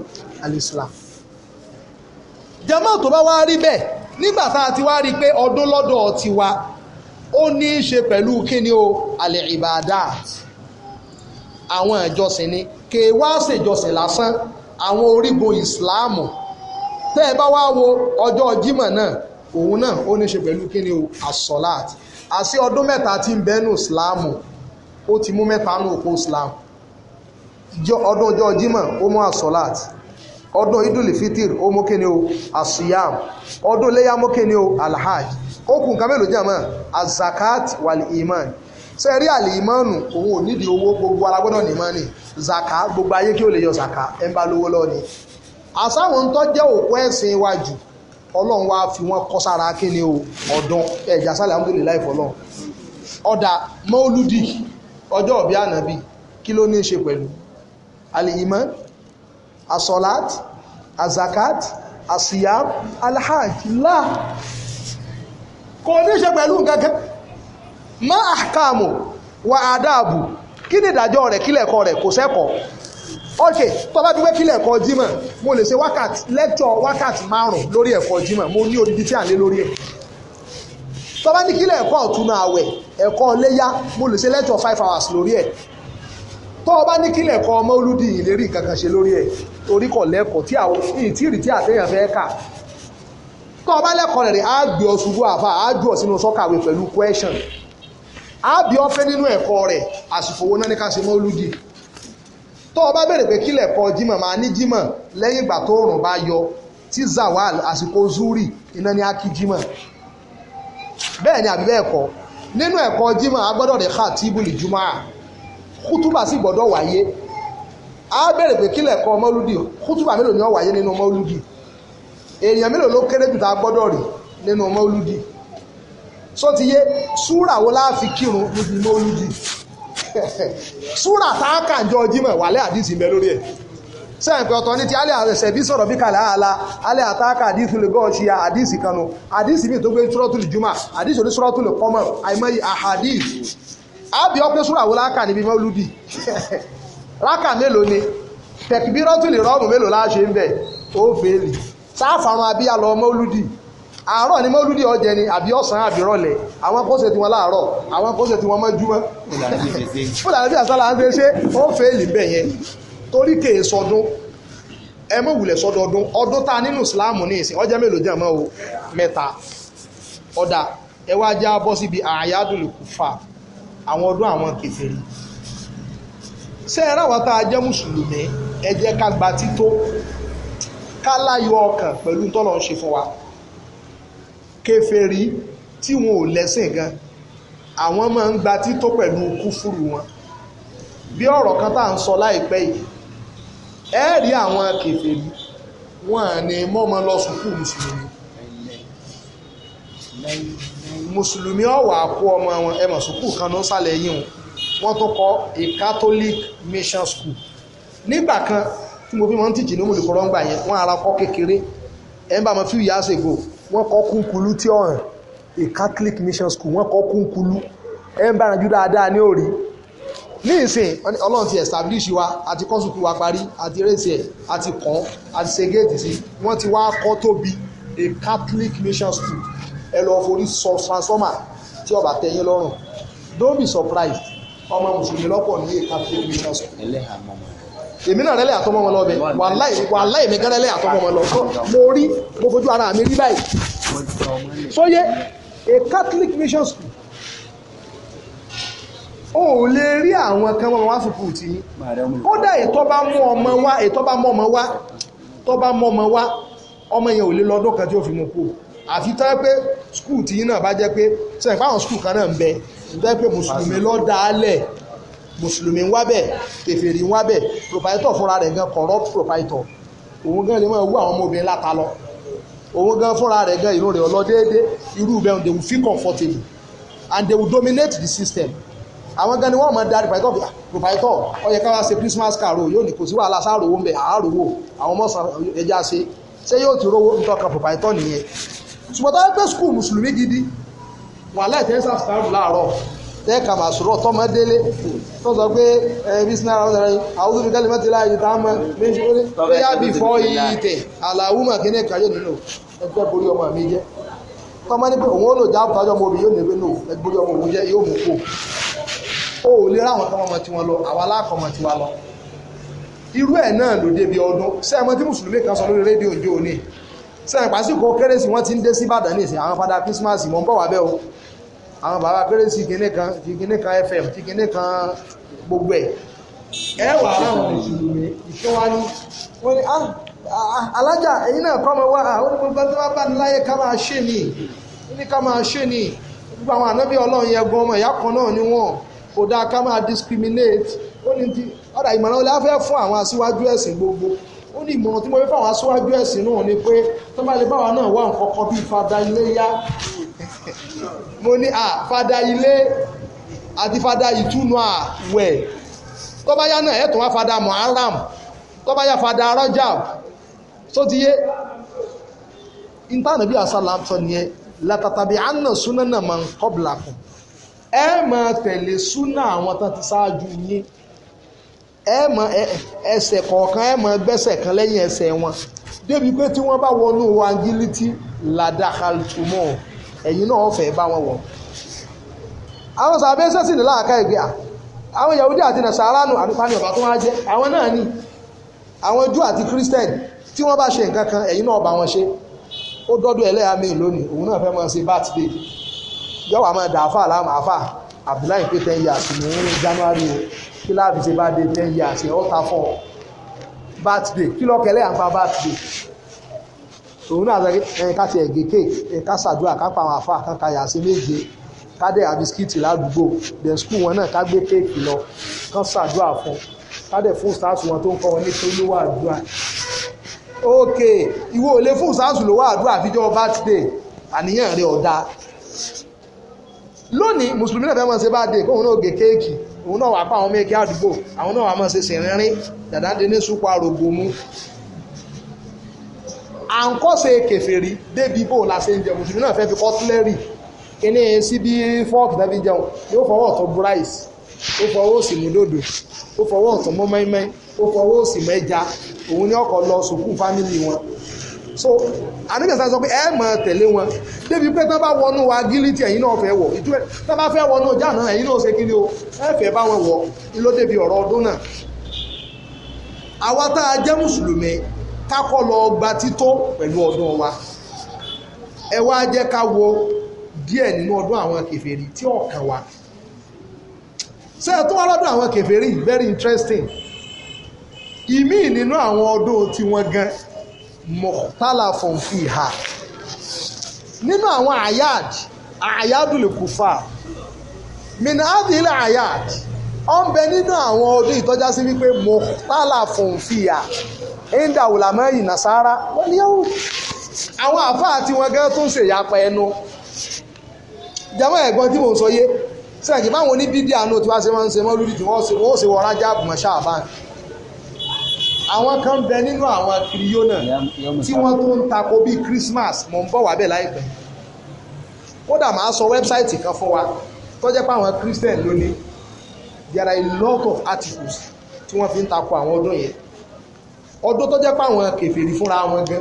jama tó bá wá rí bẹ́ẹ̀ nígbà tá a ti wá rí i pé ọdún lọ́dọ̀ tiwa ó ní í ṣe pẹ̀lú kíni o àlẹ́ ìbàdàt àwọn ìjọsìn ni kè wá ṣèjọsìn lásán àwọn orígun ìsìláàmù tẹ́ ẹ bá wá wo ọjọ́ jímọ̀ náà òun náà ó ní í ṣe pẹ̀lú kíni o àsọ̀láàtì àṣì ọdún mẹ́ta tí ń bẹ́nu ìsìláàmù ó ti mú mẹ́ta nù òpó ìsìláàmù ọdún ọjọ́ jímọ̀ ó mú àsọ̀láàtì ọdún idul fitir o asuyam ọdún iléyà mú o alhaj ó kù mélòó jẹ́ azakat iman ṣe rí àlè owó owó gbogbo ara gbọ́dọ̀ ní gbogbo ayé kí o lè yọ zaka ẹ̀ ń bá lówó àsáwọn jẹ́ òkú ẹ̀sìn iwájú ọlọ́run wá fi wọ́n kọ́ sára kíni o ọdún asọ́láàt azakat asiyam alhaj la kò ní ṣe pẹ̀lú nǹkankan má àkàmù wà àdáàbù kí ni ìdájọ́ rẹ̀ kílẹ̀kọ́ rẹ̀ kò sẹ́kọ̀ọ́ ok tó bá dúpẹ́ kílẹ̀ ẹ̀kọ́ jímọ̀ mo lè ṣe wákàtí lẹ́tọ̀ wákàtí márùn lórí ẹ̀kọ́ jímọ̀ mo ní odidi tí à ń lé lórí ẹ̀ tó bá ní kílẹ̀ ẹ̀kọ́ ọ̀túnú àwẹ̀ ẹ̀kọ́ léyá mo lè ṣe lẹ́tọ̀ five hours lórí ẹ̀ tó bá ní kílẹ̀ ẹ̀kọ́ ọmọ olúdi ìlérí kankan ṣe lórí ẹ̀ torí kọ̀ lẹ́kọ̀ọ́ tí àwọn ìtìrì tí àtẹ̀yàn fẹ́ kà tó o bá lẹ́kọ̀ọ́ rẹ̀ á gbé ọ ṣubú àfa á jù ọ sínú sọ́kàwé pẹ̀lú question á bí ọ fẹ́ nínú ẹ̀kọ́ rẹ̀ àsìkò owó náà ní ká ṣe mọ́ olùdí tó o bá pé kílẹ̀ kọ jímọ̀ máa ní jímọ̀ lẹ́yìn ìgbà tó rùn bá yọ tí zawal àsìkò zuri iná ní akí jímọ̀ bẹ́ẹ̀ ni àbí bẹ́ẹ̀ kọ́ nínú ẹ̀kọ́ jímọ̀ agbọ́dọ̀ rẹ̀ kà tíbùlì jùmọ̀ à kútúbà sì gbọ́dọ̀ wáyé á bèrè pé kílẹ̀ kọ́ mọ́lúdì kútùbà mélòó ni ó wáyé nínú mọ́lúdì èèyàn mélòó ló kéré jù tá a gbọ́dọ̀ rí nínú mọ́lúdì sọ ti yé súrà wo la fi kírun níbi mọ́lúdì súrà tá a kà jọ jímọ̀ wàlẹ́ àdìsí ń bẹ lórí ẹ̀ sẹ́yìn pé ọ̀tọ̀ ní ti alẹ́ àrẹsẹ̀ bí sọ̀rọ̀ bí kalẹ̀ àlá alẹ́ àtàkà àdìsí lè gọ́ ọ̀ṣìyà àdìsí kanu àdìsí mi tó gbé suratul juma àdìsí oní suratul qamar àìmọye àhàdìsí àbí ọpẹ́ súrà wo la kà níbi mọ́lúdì rákà mélòó ni tẹ̀kìbírọ́tùlì rọ́ọ̀mù mélòó láṣẹ ń bẹ̀ ó fèèlì sáfàrún abíyá lọ mọ́lúdì àárọ̀ ni mọ́lúdì ọjẹ́ ni àbí ọ̀sán àbí rọ̀lẹ̀ àwọn kó ṣe tiwọn láàárọ̀ àwọn kó ṣe tiwọn mọ́júmọ́ fúlàní bíi àsálà ń ṣe ṣe ó fèèlì bẹ̀ yẹn torí kèé sọdún ẹ mọ̀ wùlẹ̀ sọdọọdún ọdún tá a nínú ìsìláàmù ní ìsìn ọjọ́ mélòó jẹ́ mọ́ o mẹ́ta ọ̀dà ẹ wá já bọ́ síbi àyádùlùkù fà àwọn ọdún àwọn kèfèrí ṣé ẹ ráwa tá a jẹ́ mùsùlùmí ẹ jẹ́ ká gba tító ká láyọ̀ ọkàn pẹ̀lú tọ́lọ̀ ń ṣe fún wa kèfèrí tí wọn ò lẹ́sìn gan àwọn máa ń gba tító pẹ̀lú kúfúrú wọn bí ọ̀rọ̀ kan tá à ń sọ láìpẹ́ yìí ẹ rí àwọn kèfèrí wọn à ní mọ́mọ́ lọ sùkúù mùsùlùmí mùsùlùmí ọ̀wà àpò ọmọ wọn ẹ mọ̀ sùkúù kan ló ń sálẹ̀ yín o wọ́n tún kọ́ a Catholic mission school nígbà kan tí mo fi máa ń tìjì ní mòlùkọ́ rọ́ngbà yẹn wọ́n ara kọ́ kékeré ẹ̀ ń bá mọ few years ago wọ́n kọ́ kúnkulu tí ọ̀hún a Catholic mission school wọ́n kọ́ kúnkulu ẹ̀ ń bá ránjú dáadáa ní òrí ní ìsìn ọlọ́run ti establish wa àti kọ́sùkú wa parí àti rẹ́sì ẹ̀ àti kàn àti ṣègéètì sí wọ́n ti wá kọ́ tóbi a Catholic mission school ẹ lọ́ọ́ forí sọ transformer tí ọba tẹ̀yìn lọ́rùn don't be surprised ọmọ mùsùlùmí lọ́pọ̀ ní èka fílímìtà sọ. èmi náà rẹ́lẹ̀ àtọmọ́ wọn lọ́bẹ̀ wàláì wàláì mi gan rẹ́lẹ̀ àtọmọ́ wọn lọ mo rí mo fojú ara mi rí báyìí. sóyè a Catholic mission school o ò lè rí àwọn kan wọn wá sùkúù tì mí kódà ètò bá mú ọmọ wá ètò bá mú ọmọ wá tó bá mú ọmọ wá ọmọ yẹn ò lè lọ́dún kan tí ó fi mú kú àfi tọ́ pé skul tí yín náà bá jẹ́ pé sẹ́yìn fáwọn skul kan náà ń bẹ bẹ́ẹ̀ pé mùsùlùmí ló dá a lẹ̀ mùsùlùmí ń wá bẹ̀ kèfèrí ń wá fúnra rẹ̀ gan corrupt proprietor òun gan lè máa wú àwọn ọmọbìnrin láta lọ òun gan fúnra rẹ̀ gan ìró rẹ̀ ọlọ déédéé irú bẹ́ẹ̀ they will feel comfortable and they will dominate the system àwọn gan ni wọ́n mọ̀ darí proprietor ah, proprietor ó yẹ ká wá ṣe Christmas carol yóò ní kò sí wàhálà sáà rówó ń bẹ̀ àá rówó àwọn ọmọ sàn ẹja ṣe ṣé yóò ti rówó ń tọ́ka proprietor nìyẹn ṣùgbọ́n tó wá pé school mùsùlùmí gidi wàhálà ìtẹ́ sàfùtàrù láàárọ̀ tẹ́ẹ̀ka màsúrọ̀ tọ́mọdélé tó sọ pé bísínà àwọn tó fi kálí mọ́tì láàyè tá a mọ méjì ó ní bóyá bí fọ́ yìí tẹ̀ àlàwù mà kí ní kàyọ̀ nínú ẹgbẹ́ borí ọmọ mi jẹ́ tọ́mọ ní pé òun ó lò já àbùtájọ́ ọmọ obì yóò ní pé nù ẹgbẹ́ borí ọmọ òun jẹ́ yóò mú kó o ò lè ráwọn tọ́mọ ọmọ tiwọn lọ àwa aláàkọ́mọ tiwa lọ irú ẹ̀ náà ló débi ọdún sẹ́ẹ̀mọ́ tí mùsùlùmí kan sọ lórí rédíò òjò òní sẹ́ẹ̀pásíkò kérésì wọ́n ti ń dé síbàdàn ní ìsìn àwọn fada Christmas mọ́ ń àwọn bàbá pérésì kìnní kan kìnní kan fm kìnní kan gbogbo ẹ̀ ẹ wà láwọn mùsùlùmí ìṣọ́wání wọ́n ní ah, ah, alájà ẹ̀yin náà kọ́ ọmọ wa ah, ó ní gbogbo tó bá bá ní láyé ká máa ṣe ni ó ní ká máa ṣe ni gbogbo àwọn ànábì ọlọ́run yẹn gan ọmọ ìyá kan náà ni wọ́n kò dáa ká máa discriminate ó ní ti ọ̀dà ìmọ̀ràn olè afẹ́ fún àwọn aṣíwájú ẹ̀sìn gbogbo ó ní ìmọ̀ràn tí mo fẹ́ fún àwọn aṣíwájú ẹ̀sìn náà ni pé tó bá lè báwa náà wá nǹkan kan bíi fada iléyá mo ní à fada ilé àti fada ìtúnu àwẹ̀ tó bá yá náà ẹ̀ tó wá fada muharram tó bá yá fada rajab tó ti yé intanẹ̀bí asálàm sọ nìyẹn látàtàbí àná súná náà máa ń kọ́bìlà kù ẹ máa tẹ̀lé súná àwọn tán ti ṣáájú yín ẹ mọ ẹsẹ̀ kọ̀ọ̀kan ẹ mọ gbẹ́sẹ̀ kan lẹ́yìn ẹsẹ̀ wọn débi pé tí wọ́n bá wọnú wangilítì làdàkàlùtùmọ̀ ẹ̀yin náà ọ̀fẹ́ bá wọn wọ̀ àwọn sàbẹ́ sẹ́sì ní láàká ìgbé à àwọn Yahudi àti Nasara nù àbí pani ọ̀bà tó wá jẹ́ àwọn náà ni àwọn Júù àti Christian tí wọ́n bá ṣe nǹkan kan ẹ̀yin náà bá wọn ṣe ó dọ́dọ̀ ẹlẹ́yàmí lónìí òun náà fẹ́ mọ́ sí birthday yọ̀wọ̀ àmọ́ dàáfà láàmú àfà Abdullahi pé ten years ní January o kí láàbì ṣe bá dé ten years ẹ̀ ọ́ ta fọ́ birthday kí lọ́kẹ́lẹ́ àǹfà birthday òun náà sọ pé ká ti ẹ̀gẹ́ kéèkì ká ṣàdúrà ká pa àwọn àfa kan ká yà sí méje ká dẹ̀ ra bisikíìtì ládùúgbò dẹ̀ skul wọn náà ká gbé kéèkì lọ kán ṣàdúrà fún ká dẹ̀ fún sáàsù wọn tó ń kọ́ wọn ní tó lówó àdúrà ok ìwọ ò lè fún sáàsù lówó àdúrà àfijọ́ birthday àníyàn rẹ̀ ọ̀dà lónìí mùsùlùmí náà fẹ́ mọ̀ ṣe birthday kóun náà gé kéèkì òun náà wà pa àwọn méèkì àdúgbò àwọn náà wà mọ̀ ṣe ṣèrìnrìn dàdá dé ní súpọ̀ àrògbòmù à ń kọ́sẹ̀ kẹfẹ́rí débi bò la ṣe ń jẹ mùsùlùmí náà fẹ́ fi kọ́tílẹ́rì kíní síbi fọ́ọ̀kì náà fi jẹun yóò fọwọ́ ọ̀tọ̀ bryce ó fọwọ́ òsì mú dòdò ó fọwọ́ ọ̀tún mú mẹ́mẹ́ ó fọwọ́ òsì mẹ́ja òun ni ọkọ̀ lọ sùkúù fámìlì wọn so anigasa sọ pé ẹ máa tẹ̀lé wọn débi pé tán bá wọnú wa gílítì ẹ̀yin náà fẹ́ wọ̀ ìtú ẹ̀ tán bá fẹ́ wọnú ọjà náà ẹ̀yin náà ṣe kí ni o ẹ fẹ́ bá wọn wọ̀ ilé débi ọ̀rọ̀ ọdún náà àwa tá a jẹ́ mùsùlùmí kákọ́ lọ gba tító pẹ̀lú ọdún wa ẹ wá jẹ́ ká wo díẹ̀ nínú ọdún àwọn kèfèrí tí ọ̀kan wa ṣé ẹ tún wá lọ́dún àwọn kèfèrí very interesting ìmí nínú àwọn ọdún tiwọn gan mọ̀tálà fọ̀nfì ha nínú àwọn àyáàdì àyáàdùlẹ̀kùfà mìnà ádìlẹ̀ àyáàdì ó ń bẹ nínú àwọn ọdún ìtọ́já sí wípé mọ̀tálà fòǹfìyà ẹ̀ńdàwùlà mẹ́rin nàṣàrà wọ́n ní yẹ́wò àwọn àfáà tí wọ́n gẹ́gẹ́ tó ń ṣèyapa ẹnu jẹ́mọ́ ẹ̀gbọ́n tí mò ń sọ yé sẹ́ẹ̀kì báwọn oníbídí àánú tí wọ́n ṣe máa ń ṣe mọ́lúdì tí wọ́n ṣe wọ́n rájá àbùmọ̀ ṣáàbán àwọn kan bẹ nínú àwọn kiriyó náà tí wọ́n tó ń takò bíi Christmas mò ń bọ̀ wá bẹ̀ láìpẹ́ kódà máa sọ wẹ́bsáìtì kan fún wa tó pé àwọn Christian lónìí there are a lot of articles tí wọ́n fi ń takò àwọn ọdún yẹn ọdún tó jẹ́ pé àwọn kèfèrí fúnra wọn gan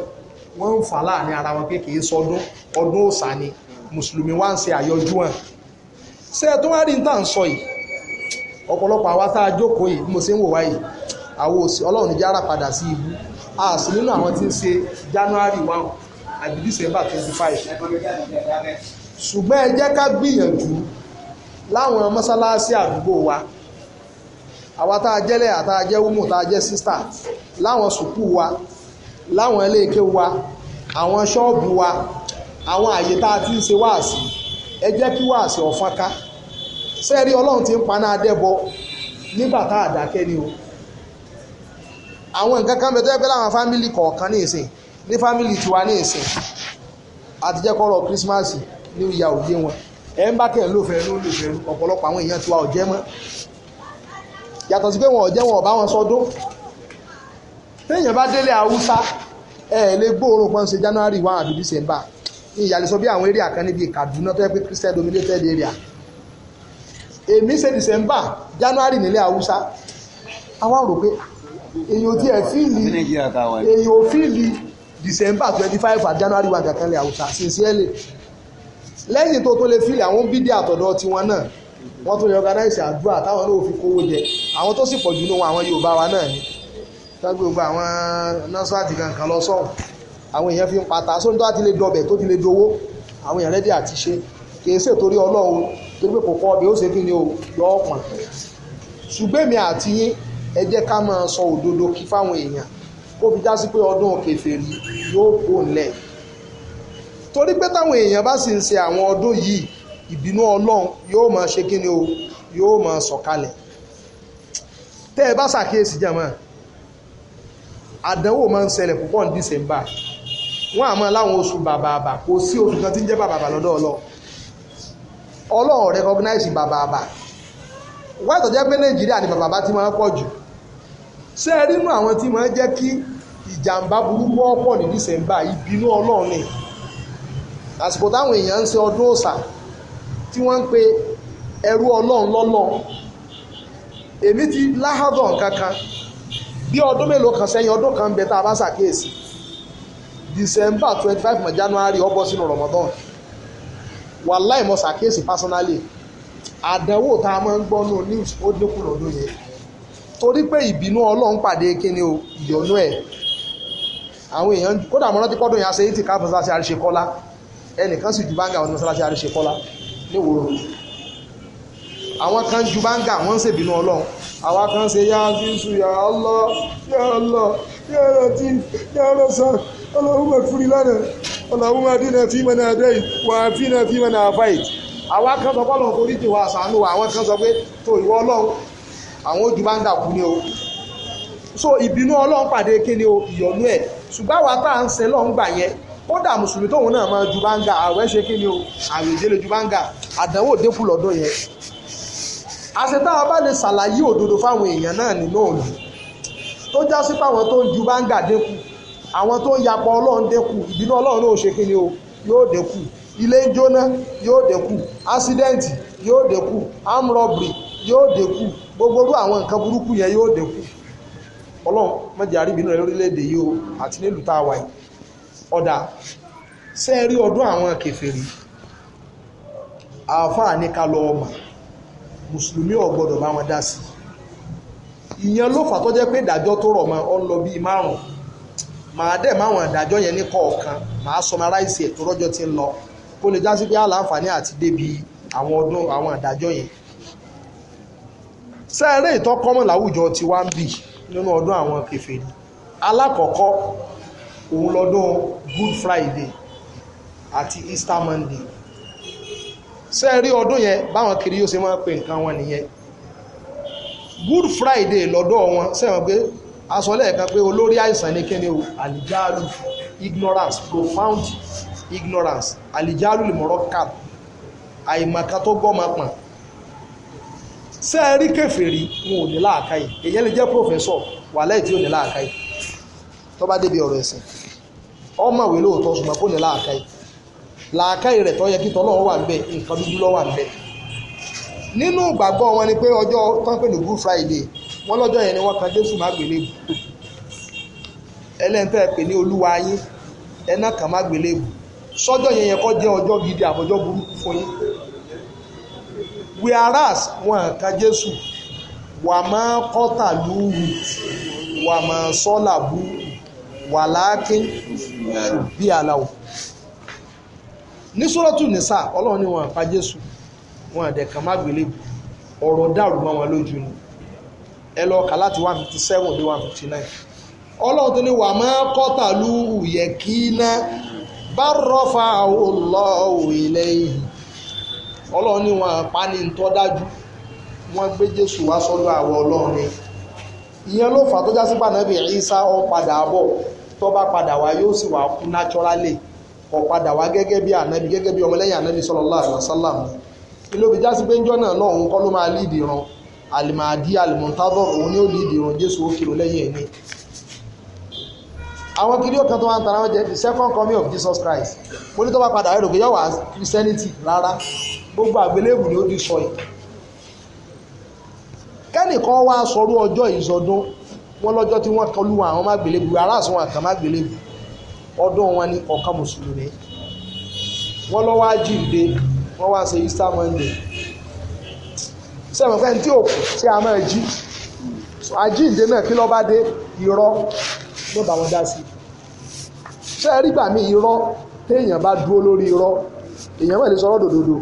wọ́n ń fà láàrin ara wọn pé kìí sọdún ọdún òsà ni mùsùlùmí wá ń ṣe àyọjú hàn ṣé ẹ tó wá rí ní tà ń sọ yìí ọ̀pọ̀lọpọ̀ àwa tá a jókòó yìí mo ṣe ń wò wáyìí àwọn òsì ọlọ́run níjà ara padà sí ibú a sì nínú àwọn tí ń ṣe january one àbí december twenty five ṣùgbọ́n ẹ jẹ́ ká gbìyànjú láwọn mọ́sálásí àdúgbò wa àwa tá a jẹ́lẹ̀ àtà jẹ́ wúmù tá a jẹ́ sísítà láwọn sùkú wa láwọn iléeké wa àwọn ṣọ́ọ̀bù wa àwọn àyè tá a ti ń se wáàsí ẹ jẹ́ kí wáàsí ọ̀fọn ká sẹ́ẹ̀rí ọlọ́run ti ń paná adẹ́bọ nígbà tá a dákẹ́ ni o àwọn nǹkan kan bẹ tó yẹ pé láwọn fámìlì kọ̀ọ̀kan ní ìsìn ní fámìlì tiwa ní ìsìn àti kọ́rọ̀ kírísímàsì ní ìyá òye wọn ẹ̀ ń bá kẹ́ ń lò fẹ́ẹ́ ló lò fẹ́ẹ́ ọ̀pọ̀lọpọ̀ àwọn èèyàn tiwa ọ̀jẹ́ mọ́ yàtọ̀ sí pé wọn ò jẹ́ wọn ò bá wọn sọdún téèyàn bá délé haúsá ẹ ẹ lè gbóòórùn pọ́n ṣe january one àbí december ní ìyàlẹ́sọ bí àwọn area kan níbi kaduna tó yẹ pé christian dominated area èmi ṣe december january nílé haúsá àwa rò pé èyàn tí ẹ fíìlì èyàn ò fíìlì december twenty five and january one kankan lè haúsá sincerely lẹ́yìn tó tó lè fíìlì àwọn bídí àtọ̀dọ̀ tiwọn náà wọ́n tún lè organize àdúrà táwọn náà fi kówó jẹ àwọn tó sì pọ̀jù nínú àwọn Yorùbá wa náà ni tọ́gbé gbogbo àwọn nọ́sàtì kankan lọ sọ́hùn àwọn èèyàn fi ń pata sóńtọ́ àti lè dọbẹ̀ tó ti lè dowó àwọn èèyàn rẹ́dí àti ṣe kìí ṣe torí Ọlọ́run torí pé kò kọ́ ọbẹ̀ ó ṣe kí ni o yọ ọ̀pọ̀n ṣùgbọ́n èmi àti yín ẹ jẹ́ ká máa sọ òdodo kí fáwọn èèyàn kó fi já sí pé ọdún kèfèrí yóò kó ńlẹ̀ torí pé táwọn èèyàn bá sì ń ṣe àwọn ọdún yìí ìbínú ọlọ́run yóò máa ṣe kí ni o yóò máa sọ̀kalẹ̀ tẹ́ ẹ bá ṣàkíyèsí jàmọ́ àdánwò máa ń ṣẹlẹ̀ púpọ̀ ní December wọ́n àmọ́ láwọn oṣù bàbàbà kò sí oṣù kan tí ń jẹ́ bàbàbà lọ́dọ̀ ọlọ́run ọlọ́run recognize bàbàbà wọ́n tó jẹ́ pé Nàìjíríà ni bàbàbà ti máa ń pọ̀ jù ṣé ẹ rínú àwọn tí máa ń jẹ́ kí ìjàmbá burúkú ọ̀pọ̀ ní December ìbínú ọlọ́run ni àsìkò táwọn èèyàn ń ṣe ọdún òsà tí wọ́n ń pe ẹrú ọlọ́run lọ́lọ́ èmi ti láhàdọ̀ kankan bí ọdún mélòó kan sẹ́yìn ọdún kan ń bẹ tá a bá ṣàkíyèsí December twenty five mọ̀ January ó bọ́ sínú Ramadan wàláì mo ṣàkíyèsí personally àdánwò tá a máa ń gbọ́ nù news ó dínkù lọ́dún yẹn torí pé ìbínú ọlọ́run pàdé kíni o ìyọnú ẹ̀ àwọn èèyàn kódà mo rántí kọ́dún yẹn aṣèyí ti káfọ́n sáṣẹ́ àríṣekọ́lá ẹnìkan sì ju báńgà wọn ní sáṣẹ́ àríṣekọ́lá níwòrò àwọn kan ju báńgà wọ́n ń ṣèbínú ọlọ́run àwa kan ṣe yá jésù yá Allah yá Allah yá rọtí yá rọsà ọlọ́run bẹ̀ fúri lánàá ọlọ́run máa dínà fí mọ́nà àdẹ́yìn wà á fi náà fí mọ́nà àfáì àwa kan sọ pọ́lọ́run kò ríjì wà sànú wa àwọn kan sọ pé tó ìwọ ọlọ́run àwọn ojú báńgà kú ni o so ìbínú ọlọ́run pàdé kí ni o ìyọ̀nú ẹ̀ ṣùgbọ́n àwa tá à ń ṣe lọ́ọ̀ ń gbà yẹn kódà mùsùlùmí tóun náà máa ju báńgà ṣe kí ni o àwẹ̀ ìdílé ju báńgà àdánwò dẹ́kù lọ́dún yẹn àṣetá a bá lè ṣàlàyé òdodo fáwọn èèyàn náà nínú òòlù tó já sí tó ń ju báńgà àwọn tó ń yapọ̀ ọlọ́run ìbínú ọlọ́run náà ṣe o yóò dẹ́kù ilé ń jóná yóò dẹ́kù ásídẹ́ǹtì yóò dẹ́kù amrọ̀bì yóò àwọn nǹkan yẹn yóò ọlọ́run mọ̀jẹ̀ àríbínú rẹ yìí o àti nílùú tá ọ̀dà ṣé ẹ rí ọdún àwọn kèfèrí àáfàá ní ká lọ ọmọ mùsùlùmí ò gbọ́dọ̀ bá wọn dá sí ìyẹn ló fà tó jẹ́ pé ìdájọ́ tó rọ̀ mọ́ ọ ń lọ bíi márùn-ún màá dẹ̀ máwọn ìdájọ́ yẹn ní kọ̀ọ̀kan màá sọmaráìsì ẹ̀ tó rọ́jọ́ ti ń lọ kó lè já sí pé àlàáfààní àti débi àwọn ọdún àwọn ìdájọ́ yẹn sẹ́ẹ̀rẹ́ ìtọ́kọ́mọ̀ láwùjọ ti wá ń bì nínú ọdún àwọn kèfèrí alákọ̀ọ́kọ́ òun lọ́dún good friday àti easter monday ṣe rí ọdún yẹn báwọn kiri yóò ṣe máa pe nǹkan wọn nìyẹn good friday lọ́dọ̀ wọn sẹ́wọ̀n pé aṣọ lẹ́ẹ̀kan pé olórí àìsàn ní kíni o alijalu ignorance profound ignorance alijalu limorokat àìmọ̀kan tó gbọ́ máa pọ̀n ṣe rí kẹfìrí wọn ò ní láàkáyè èyí lè jẹ́ pòfẹ́sọ̀ wàhálà tí ò ní láàkáyè tó bá débi ọ̀rọ̀ ẹ̀sìn ọmọ ìwé lóòótọ́ ṣùgbọ́n kò ní làákàyè làákàyè rẹ̀ tó yẹ kí tọ́lọ́run wà níbẹ̀ nǹkan dúdú ló wà níbẹ̀ nínú ìgbàgbọ́ wọn ni pé ọjọ́ tán pè ní good friday wọn lọ́jọ́ yẹn ni wọ́n kan jésù má gbélébù ẹlẹ́ntẹ́ pè ní olúwa yín ẹná kan má gbélébù sọ́jọ́ yẹn yẹn kọ́ jẹ́ ọjọ́ gidi àbọ̀jọ́ burúkú fún yín whereas wọn kan jésù wà máa kọ́tà lúwù wà máa sọ́là búrú wàláàkín ṣùgbí aláwọ̀ ní sọ́rọ́tù nìsà ọlọ́run ni wọ́n pa jésù wọn àdẹ̀ kan má gbélé ọ̀rọ̀ dàrú mọ́ wọn lójú ni láti one dé one fifty nine ọlọ́run tó ní wà má kọ́tà lú yẹ kí iná bá rọ́fà ilẹ̀ yìí ọlọ́run ni wọ́n pa ní wọ́n gbé jésù wá sọ́dọ̀ àwọn ọlọ́run ìyẹn ló fà tó já sí pànàbí Ìsá ó padà bọ̀ tó bá padà wá yóò sì wá kú naturally kò padà wá gẹ́gẹ́ bí ànábì gẹ́gẹ́ bí ọmọlẹ́yìn ànábì sallallahu alaihi wasallam ilé òbí já sí pé ńjọ́ náà náà òun kọ́ ló máa líìdì ran àlìmàdí àlìmọ̀tádọ̀ òun ni ó líìdì ran Jésù ó kìlọ̀ lẹ́yìn ẹ̀mí àwọn kiri ọ̀kan tó wá ń tara wọn jẹ́ the second coming of Jesus Christ mo ní tó bá padà wá ìrògbé yọ̀ wá Christianity rárá gbogbo àgbélébù ni ó di sọ yìí kẹ́nìkan wá sọrú ọjọ́ ìsọdún wọn lọ́jọ́ tí wọ́n kọlu àwọn mágbélébù aráàsùn àkàn mágbélébù ọdún wọn ni ọ̀kan mùsùlùmí wọ́n lọ́ wá jíǹde wọ́n wá se Easter Monday sẹ́wọ̀n fẹ́ni tí òkú tí a máa jí àjíǹde náà kí lọ́ọ́ bá dé irọ́ ló bá wọn dá sí ṣé ẹ rí gbà mí irọ́ téèyàn bá dúró lórí irọ́ èèyàn mọ̀ lè sọ ọ́ dòdòdò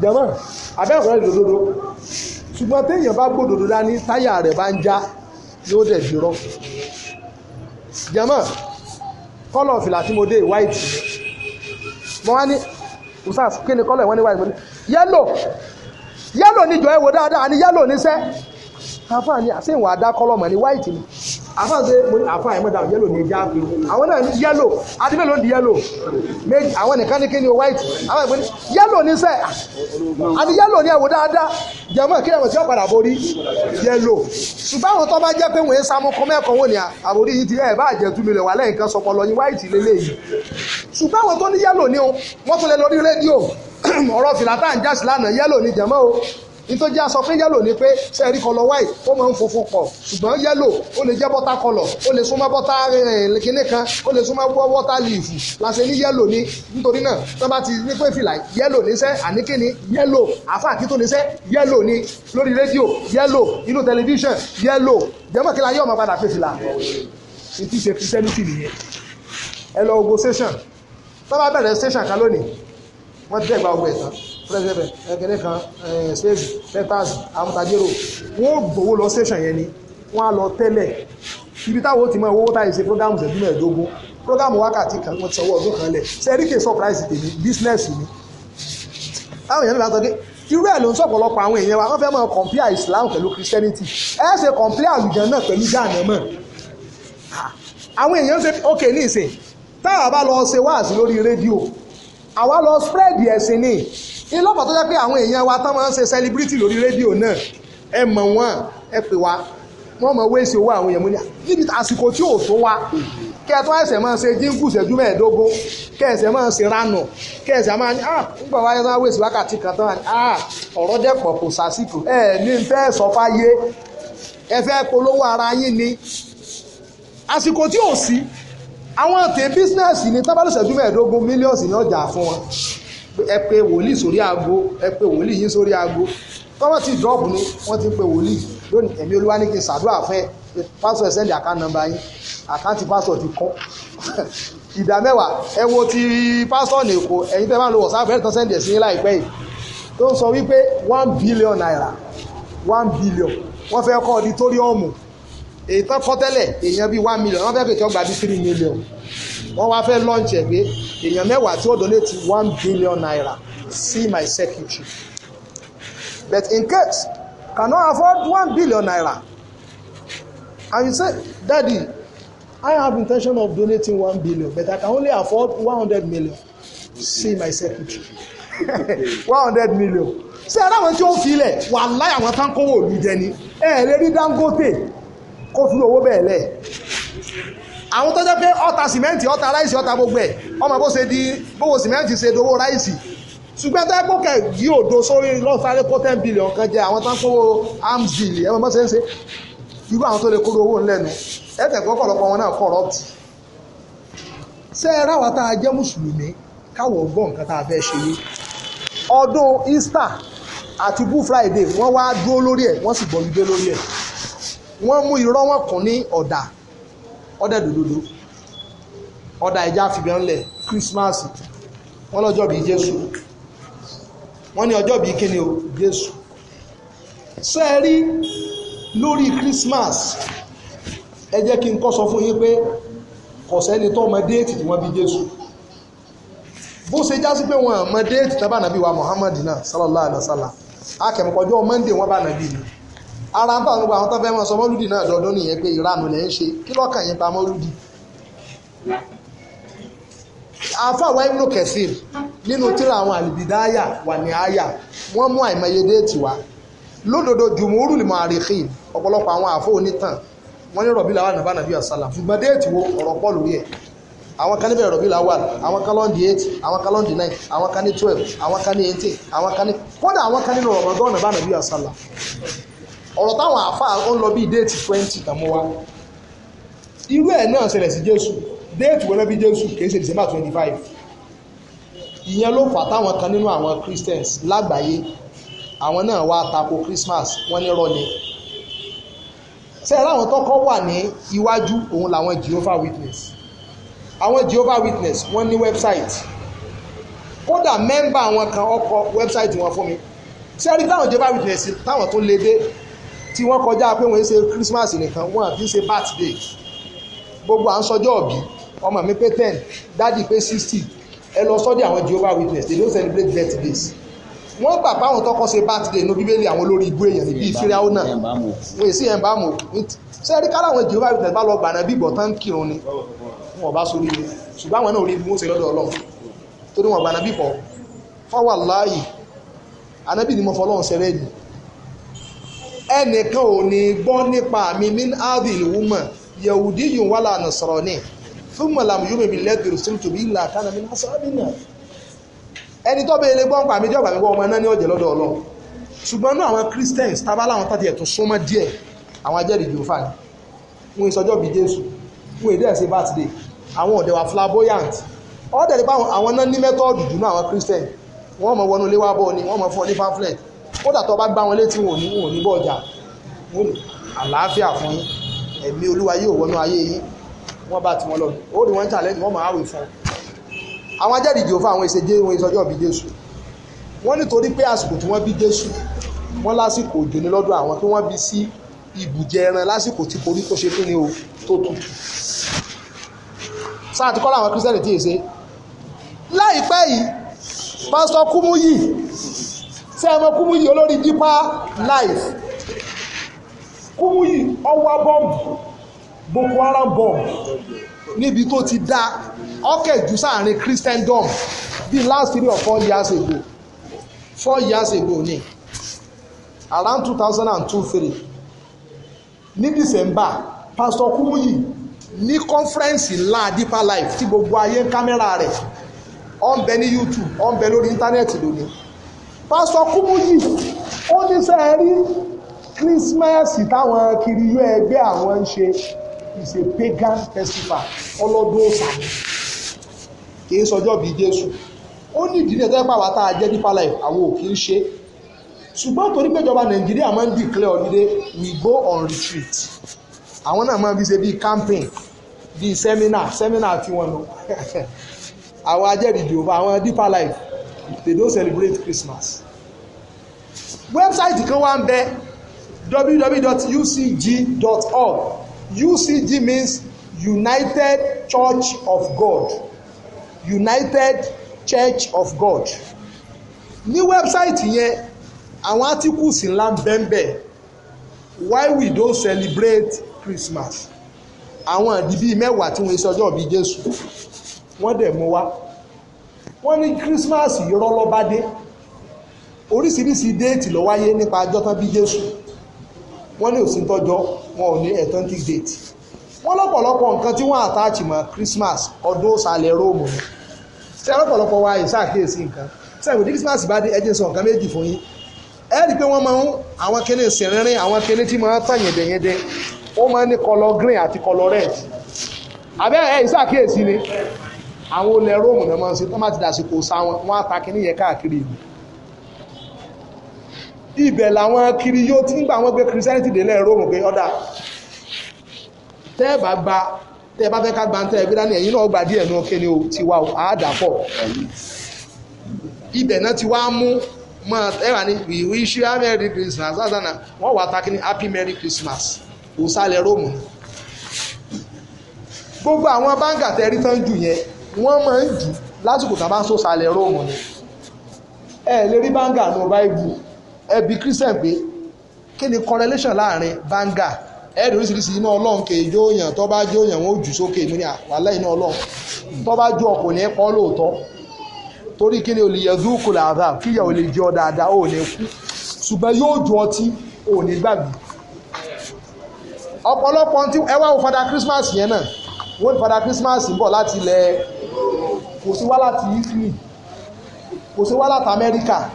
jẹ́mọ̀ abẹ́rẹ́ òkúrẹ́ dòdòdò ṣùgbọ́n téèyàn bá gbòdòdó dání táyà rẹ̀ bá ń já yóò dẹ̀ dúró jẹ́mọ́ kọ́lọ̀ fìlà tí mo dé white mo wá ní usas kí ni kọ́lọ̀ ìwọ́n ní white mo ní yẹ́lò yẹ́lò níjọ ẹ̀wò dáadáa ní yẹ́lò níṣẹ́ àfáà àṣẹ ìwọ̀n àdá kọ́lọ̀ mọ̀ ní white ni àfáàṣe àfa àìmọ́dà yẹ́lò ní ẹja fi àwọn náà ní yẹ́lò àti mélòó di yẹ́lò méjì àwọn nìkan ní kíni white àwọn ìpínlẹ̀ yẹ́lò ní sẹ́ àti yẹ́lò ní ẹ̀wò dáadáa jẹ̀mọ́ kí ẹ̀wọ̀n tí ó padà borí yẹ́lò ṣùgbọ́n àwọn tó bá jẹ́ pé wọ́n ń samú kọ́ mẹ́kọ̀ọ́ wọn ni àbórí yìí ti ẹ̀ bá jẹ́ tú mi wà lẹ́yìn kan sọpọ̀ lọ white lélẹ̀ yìí ṣùgbọ́n àwọn tó ní yẹ́lò ní o wọ́n tún lè lórí rédíò ọ̀rọ̀ nítorí aṣọ fún yẹ́lò ni pé sẹ́ẹ̀rí kọlọ wáì ó máa ń funfun pọ̀ ṣùgbọ́n yẹ́lò ó lè jẹ́ bọ́tà kọlọ̀ ó lè súnmọ́ bọ́tà eh, kínní kan ó lè súnmọ́ bọ́tà líìfù làṣẹ ní yẹ́lò ni nítorí náà tó bá ti ní pé fìlà yẹ́lò níṣẹ́ àníkíni yẹ́lò àfa àkító níṣẹ́ yẹ́lò ni lórí rédíò yẹ́lò inú tẹlifíṣàn yẹ́lò jẹ́mọ̀ kí la yọ̀ máa padà pé fìlà ti ṣe christianity nìyẹn ẹ lọ ogo station tó bá bẹ̀rẹ̀ station kan lónìí wọ́n ti dẹ́gba ogun ẹ̀ tán pẹ́sẹ̀pẹ̀ ẹ̀kẹ́dẹ́ eh, kan ṣéèzì eh, pẹ́tàs amútajérò wọ́n gbowó lọ station yẹn ni wọ́n á lọ tẹ́lẹ̀ ibi táwọn ti mọ owó táyì ṣe program ṣẹ́jú mẹ́ẹ̀ẹ́dógún program wákàtí kan wọ́n ti sanwó ọdún kan lẹ̀ sẹ́ẹ̀rí kè surprise tèmi business mi táwọn èèyàn mi bá sọ pé irú ẹ̀ ló ń sọ̀pọ̀lọpọ̀ àwọn èèyàn wa wọ́n fẹ́ máa compare Islam pẹ̀lú Christianity ẹ ṣe compare àlùjọ náà pẹ̀lú jáàná mọ̀ àwọn èèyàn ṣe ok ní ìsìn táwa bá lọ ṣe wáàsí lórí rédíò àwa lọ spread ẹ̀sìn ni ìlọ́pàá tó jẹ́ pé àwọn èèyàn wa tán máa ń ṣe celebrity lórí rédíò náà ẹ mọ̀ wọ́n ẹ pè wá wọ́n mọ̀ wéṣe owó àwọn èèyàn mú ní níbi àsìkò tí ò tó wa kẹ́ẹ̀tọ́ ẹ̀sẹ̀ máa ṣe jíngù ṣẹ́jú mẹ́ẹ̀ẹ́dógún kẹ́ẹ̀sẹ̀ máa ṣe ránù kẹ́ẹ̀sẹ̀ máa ní ah nígbà wáyé náà wéṣe wákàtí kan tán ah ọ̀rọ̀ dẹ́pọ̀ kò sásìkò ẹ ní fẹ́ sọ fáyé ẹ fẹ́ polówó ara yín ni àsìkò tí ò sí àwọn tè bísínẹ́sì ní tábàlù ṣẹ́jú mẹ́ẹ̀ẹ́dógún mílíọ̀sì ní ọjà fún wọn ẹ pé wòlíì sórí aago ẹ pé wòlíì yín sórí aago tọ́wọ́ ti dọ́ọ̀bù ni wọ́n ti ń pe wòlíì lónìí ẹ̀mí olúwa ní kí n ṣàdúrà fún ẹ pásítọ̀ ẹ̀ sẹ́ndì àkáǹtì nọ́mbà yín àkáǹtì pásítọ̀ ti kọ́ ìdá mẹ́wàá ẹ wo ti pásítọ̀ nìkó ẹ̀yin tẹ́ bá ń lo wọ̀sáàpù ẹ̀ tán sẹ́ndì ẹ̀ yín láìpẹ́ yìí tó ń sọ wípé one billion naira one billion wọ́n fẹ́ kọ́ ọdítórìọ̀mù èyí tán kọ́ tẹ́lẹ̀ èèyàn bíi one million wọ́n fẹ́ pè kí wọ́n gba bíi three million wọ́n wá fẹ́ lọ́ọ̀nchì ẹ̀ pé èèyàn mẹ́wàá tí ó donate one billion naira see my secretary but in case cannot afford one billion naira and you say daddy I have intention of donating one billion but I can only afford one hundred million see my secretary one hundred million ṣé ẹ dáwọn tí ó fi lẹ̀ wàláhì àwọn tán kówó òlù jẹ ni ẹ lè rí Dangote kó fi owó bẹ́ẹ̀ lẹ̀ àwọn tó jẹ́ pé ọta sìmẹ́ǹtì ọta ráìsì ọta gbogbo ẹ̀ ọmọ bó ṣe di bówó sìmẹ́ǹtì ṣe dowó ráìsì ṣùgbọ́n tó yẹ kó kẹ̀ yí òdo sórí lọ́sàrẹ́ kó ten billion kan jẹ àwọn tó ń kówó arms deal ẹ̀ mọ́ ṣe ń ṣe irú àwọn tó lè kóró owó ńlẹ́nu ẹ̀fẹ̀ kọ́kọ̀lọpọ̀ wọn náà corrupt ṣé ẹ ráwa tá a jẹ́ mùsùlùmí káwọ̀ gbọ́ nǹkan tá a fẹ́ ṣe yé ọdún Easter àti Good Friday wọ́n wá dúró lórí ẹ̀ wọ́n sì gbọ́ gbígbé lórí ẹ̀ wọ́n mú irọ́ wọn kún ní ọ̀dà ọ̀dẹ̀ dòdòdò ọ̀dà ìjà fìbẹ̀ ńlẹ̀ Christmas wọ́n lọ́jọ́ bíi Jésù jesu ní ọjọ́ bíi kíni o Jésù ṣé lórí Christmas ẹ jẹ́ kí n kọ́ sọ fún yín pé kò sẹ́ni tó mọ déètì tí wọ́n bí Jésù bó ṣe já wọn mọ déètì wa Muhammad náà akẹ́mọ̀kọ́jọ́ Monday bá nàbí ara ń bá gbogbo àwọn tó fẹ́ mọ́ sọ mọ́lúdì náà dọ́dún nìyẹn pé ìranù lẹ́ ń ṣe kí lọ́kàn yín pa mọ́lúdì àfàwà ibùdó kẹsìn nínú tíra àwọn àlìbìdáyà wà ní àyà wọ́n mú àìmọye déètì wá lódodo jùmúrù lè máa rèéhì ọ̀pọ̀lọpọ̀ àwọn àfọ onítàn wọ́n ní rọ̀bí làwọn ànàbà nàbí ọ̀sálà ṣùgbọ́n déètì wo ọ̀rọ̀ pọ̀ lórí ẹ̀ àwọn kan níbẹ̀rẹ̀ rọ̀bí làwọn àwọn kan lọ́ndì eight àwọn kan lọ́ndì nine àwọn kan ní twelve àwọn kan ní eighteen àwọn kan ní kódà àwọn kan nínú rọ̀mọdọ́ ànàbà nàbí ọ̀sálà ọ̀rọ̀ táwọn àáfàá ó ń lọ bíi déètì twenty tàmú wa irú ẹ̀ náà ṣẹlẹ̀ sí jésù déètì wọlé bí jésù kìí ṣe december twenty five ìyẹn ló fà táwọn kan nínú àwọn christians lágbàáyé àwọn náà wá tako christmas wọ́n ní rọlẹ̀ sẹ́yìn láwọn tọ́kọ́ wà ní iwájú òun làwọn jehovah witness àwọn jehovah witness wọ́n ní website kódà mẹ́mbà àwọn kan ọkọ̀ website wọn fún mi sẹ́yìn táwọn jehovah witness táwọn tó le dé tí wọ́n kọjá pé wọ́n ṣe Christmas nìkan wọ́n àfi ṣe birthday gbogbo à ń sọjọ́ ọ̀bí ọmọ mi pé ten dádì pé sixty ẹ lọ sọ́dí àwọn Jehovah Witness they don't celebrate birthdays wọ́n gbà pé àwọn tọkọ ṣe birthday inú bíbélì àwọn olórí ibú èèyàn níbi ìfira ó náà wọ́n èsì ẹ̀ ń bá mọ̀ ṣé rí kára àwọn Jehovah Witness bá lọ gbà náà bí ìbọ̀ tán kírun ni wọn ò bá sórí ilé ṣùgbọ́n àwọn náà rí ibi wọ́n ṣe lọ́dọ̀ Ọlọ́run torí wọn gbà náà bí ìbọ̀ fáwọn láàyè ànábì ni mo fọlọ́run ṣẹlẹ̀ yìí ẹnìkan ò ní gbọ́ nípa mi min adil wuma yahudi yun wala nasarani fún mọ̀làmù yóò bèbí lẹ́tọ̀ ìrùsùn tòbí ìlà kánà mi náà sọ́ọ́ nínà ẹni tó bèèrè gbọ́n pa mi jọba mi wọ́ ọmọ náà ní ọ̀jẹ̀ lọ́dọ̀ ọlọ́run ṣùgbọ́n náà àwọn christians tábà láwọn tàbí ẹ̀tún súnmọ́ díẹ̀ àwọn ajẹ́rìí jòfà ni wọn ìsọjọ́ bíi jésù wọn èdè ẹ̀sìn bátidé àwọn ọ̀dẹ̀ wà flamboyant ọ̀dẹ̀ nípa àwọn náà ní mẹ́tọ́ọ̀dù jù náà àwọn christian wọ́n mọ̀ wọnú ilé wá bọ́ọ̀ ni wọ́n mọ̀ fún ní pamphlet kódà tó bá gbá wọn létí wọn ò ní wọn ò ní bọ́ ọjà wọn ní àlàáfíà fún yín ẹ̀mí olúwa yóò wọnú ayé yín wọ́n bá ti wọn lọ ó rí wọn challenge wọ́n máa wí fún àwọn ajẹ́rìí jòfó àwọn ìṣèjé wọn ìsọjọ́ bí Jésù wọ́n nítorí pé àsìkò tí wọ́n bí Jésù wọ́n lásìkò òjò ní lọ́dọ̀ àwọn tí wọ́n bí sí ibùjẹ ẹran lásìkò tí korí tó ṣe fún ni o tó tutù sáà ti kọ́ làwọn kírísítẹ́nì tí èsè láìpẹ́ yìí pásítọ̀ a ẹ mọ Kúmúyì olórí Deeper Life Kúmúyì ọwọ́ bọ́ǹbù Boko Haram bọ́ǹbù níbi tó ti dá ọkẹ̀ jù sáàrin Christendom bíi last three or four years ago four years ago ni around two thousand and two three ní December Pastor Kúmúyì ní kọ́nfẹ́rẹ́nsì ńlá Deeper Life tí gbogbo ayé ń kámẹ́rà rẹ̀ ó ń bẹ ní YouTube ó ń bẹ lórí íńtánẹ́ẹ̀tì lónìí pásítọ̀ kúmúyì ó ní sẹ́ẹ̀ rí kírísímẹ́sì táwọn kiri yóò ẹgbẹ́ àwọn ń ṣe is pagan festival ọlọ́dún ọ̀sà kìí sọjọ́ bíi jésù ó ní ìdílé tó yẹ pa tá a nípa life àwọn ò kì í ṣe ṣùgbọ́n torí péjọba nàìjíríà máa ń declare holiday we go on retreat àwọn náà máa ń fi ṣe bíi camping bíi seminar seminar tiwọn nù àwọn ajẹ́rìí dìbò àwọn deeper life they don't celebrate Christmas Website kan wá ń bẹ www.ucg.org ucg means united church of god united church of god ní website yẹn àwọn átíkùsì ńlá ń bẹ ń bẹ why we don't celebrate christmas àwọn ìdí bíi mẹ́wàá tí wọ́n ṣe ọjọ́ bíi jésù wọ́n dẹ̀ mú wá wọ́n ní Christmas irọ́ ló bá dé oríṣiríṣi déètì ló wáyé nípa ọjọ́ tán bí Jésù wọ́n ní òsín tọ́jọ́ wọn ò ní authentic date wọ́n lọ́pọ̀lọpọ̀ nǹkan tí wọ́n àtàchì mọ́ Christmas ọdún òsàlẹ̀ Róòmù ni ṣé lọ́pọ̀lọpọ̀ wa yìí ṣàkíyèsí nǹkan sẹ́yìn Christmas bá dé ẹjẹ́ sọ nǹkan méjì fún yín ẹ rí i pé wọ́n máa ń àwọn kéne sìnrìnrìn àwọn kéne tí máa ń tàn yẹ̀dẹ̀yẹ̀dẹ̀ ó máa ń ní kọlọ green àti kọlọ red àbẹ́ ẹ̀ ìṣàkíyèsí ni àwọn olè róòmù náà máa ń ṣe tán bá ti dàsìkò sáwọn wọn á ta kínní yẹn káàkiri ìlú ibẹ̀ làwọn kiri yóò tí gbà wọ́n gbé christianity délẹ̀ róòmù pé ọ̀dà tẹ́ẹ̀bà gba tẹ́ẹ̀bà fẹ́ ká gba ń tẹ́ẹ̀bí dání ẹ̀yìn náà gba díẹ̀ náà kéde o ti wá o àádàpọ̀ ibẹ̀ náà ti wá mú máa ẹ̀wà ní we wish you a merry christmas sásánà wọ́n wà takí ní happy merry christmas òsàlẹ̀ róòmù gbogbo àwọn báńkà tẹ́rí tán jù yẹn wọ́n máa ń jù lásìkò tá a bá ń sòsàlẹ̀ róòmù ni ẹ lè rí báńgà ní báìbù ẹbí christian pé kí ni correlation láàrin báńgà ẹ rí oríṣiríṣi iná ọlọ́run kè jó yàn tó bá jó yàn wọ́n ó jù sókè mí ní àwàlá iná ọlọ́run tó bá jó ọkọ̀ ní pọ́ lóòótọ́ torí kí ni olùyẹ dúkù làbà kíyà ò lè jọ dáadáa ò ní kú ṣùgbọ́n yóò jọ ọtí ò ní gbàgbé ọ̀pọ̀lọpọ̀ ẹ wá wo fada Christmas yẹn náà wọ́n ní fada Christmas ń bọ̀ láti ilẹ̀ kò sí wá láti Italy kò sí wá láti America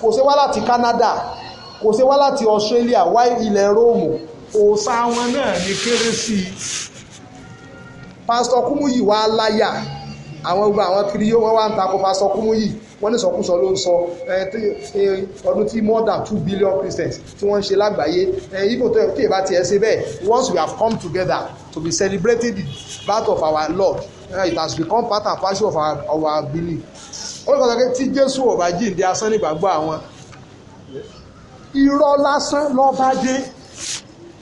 kò sí wá láti Canada kò sí wá láti Australia wá ilẹ̀ Rome òòṣà wọn náà ní kérésì pásítọ̀ Kúmúyì wá láyà àwọn gbogbo àwọn kiri yóò wọ́n wá ń takò pásítọ̀ Kúmúyì wọ́n ní sọkúsọ ló ń sọ ọdún tí more than two billion Christians tí wọ́n ń ṣe lágbàáyé ibo tó yẹ kí èbá tiẹ̀ ṣe bẹ́ẹ̀ once we have come together to be celebrating the birth of our Lord eh, it has become part and parcel of our, of our belief ó ní kọ́sọ́kẹ́ tí Jésù ò bá jíǹde asán nígbàgbọ́ àwọn irọ́ lásán lọ́ba dé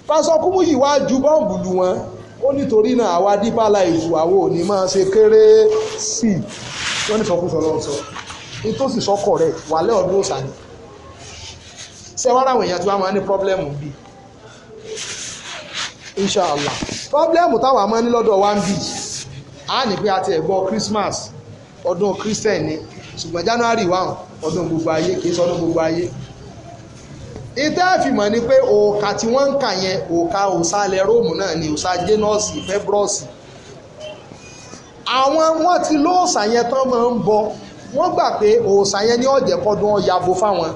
pásọ Kúmúyì wá ju bọ́ǹbù lù wọ́n ó nítorí náà àwa Deeper Life àwọn máa ṣe kéré sí i wọ́n ní sọkúsọ lọ́wọ́ sọ nítòsí sọkọ rẹ̀ wàlẹ́ ọdún òsà ni ṣé wàá ráwọn èèyàn tí wọ́n máa ní pọ́blẹ́mù bíi inṣàlá pọ́blẹ́mù táwọn àmọ́ ní lọ́dọ̀ wa ń bì á ní pé a ti ẹ̀gbọ́ Christmas ọdún Christian ni ṣùgbọ́n January one ọdún gbogbo ayé kì í sọdún gbogbo ayé ìtẹ́ ìfìmọ̀ ni pé òòkà tí wọ́n ń kà yẹn òòkà òsàlẹ̀ róòmù náà ni òsà jẹ́nọ́ọ̀sì fẹ́brọ́ọ̀sì àwọn wọ́n ti lóòsà yẹn tán máa ń bọ wọ́n gbà pé òòsà yẹn ní ọ̀jẹ̀ kọ́dún ọ̀yàbò fáwọn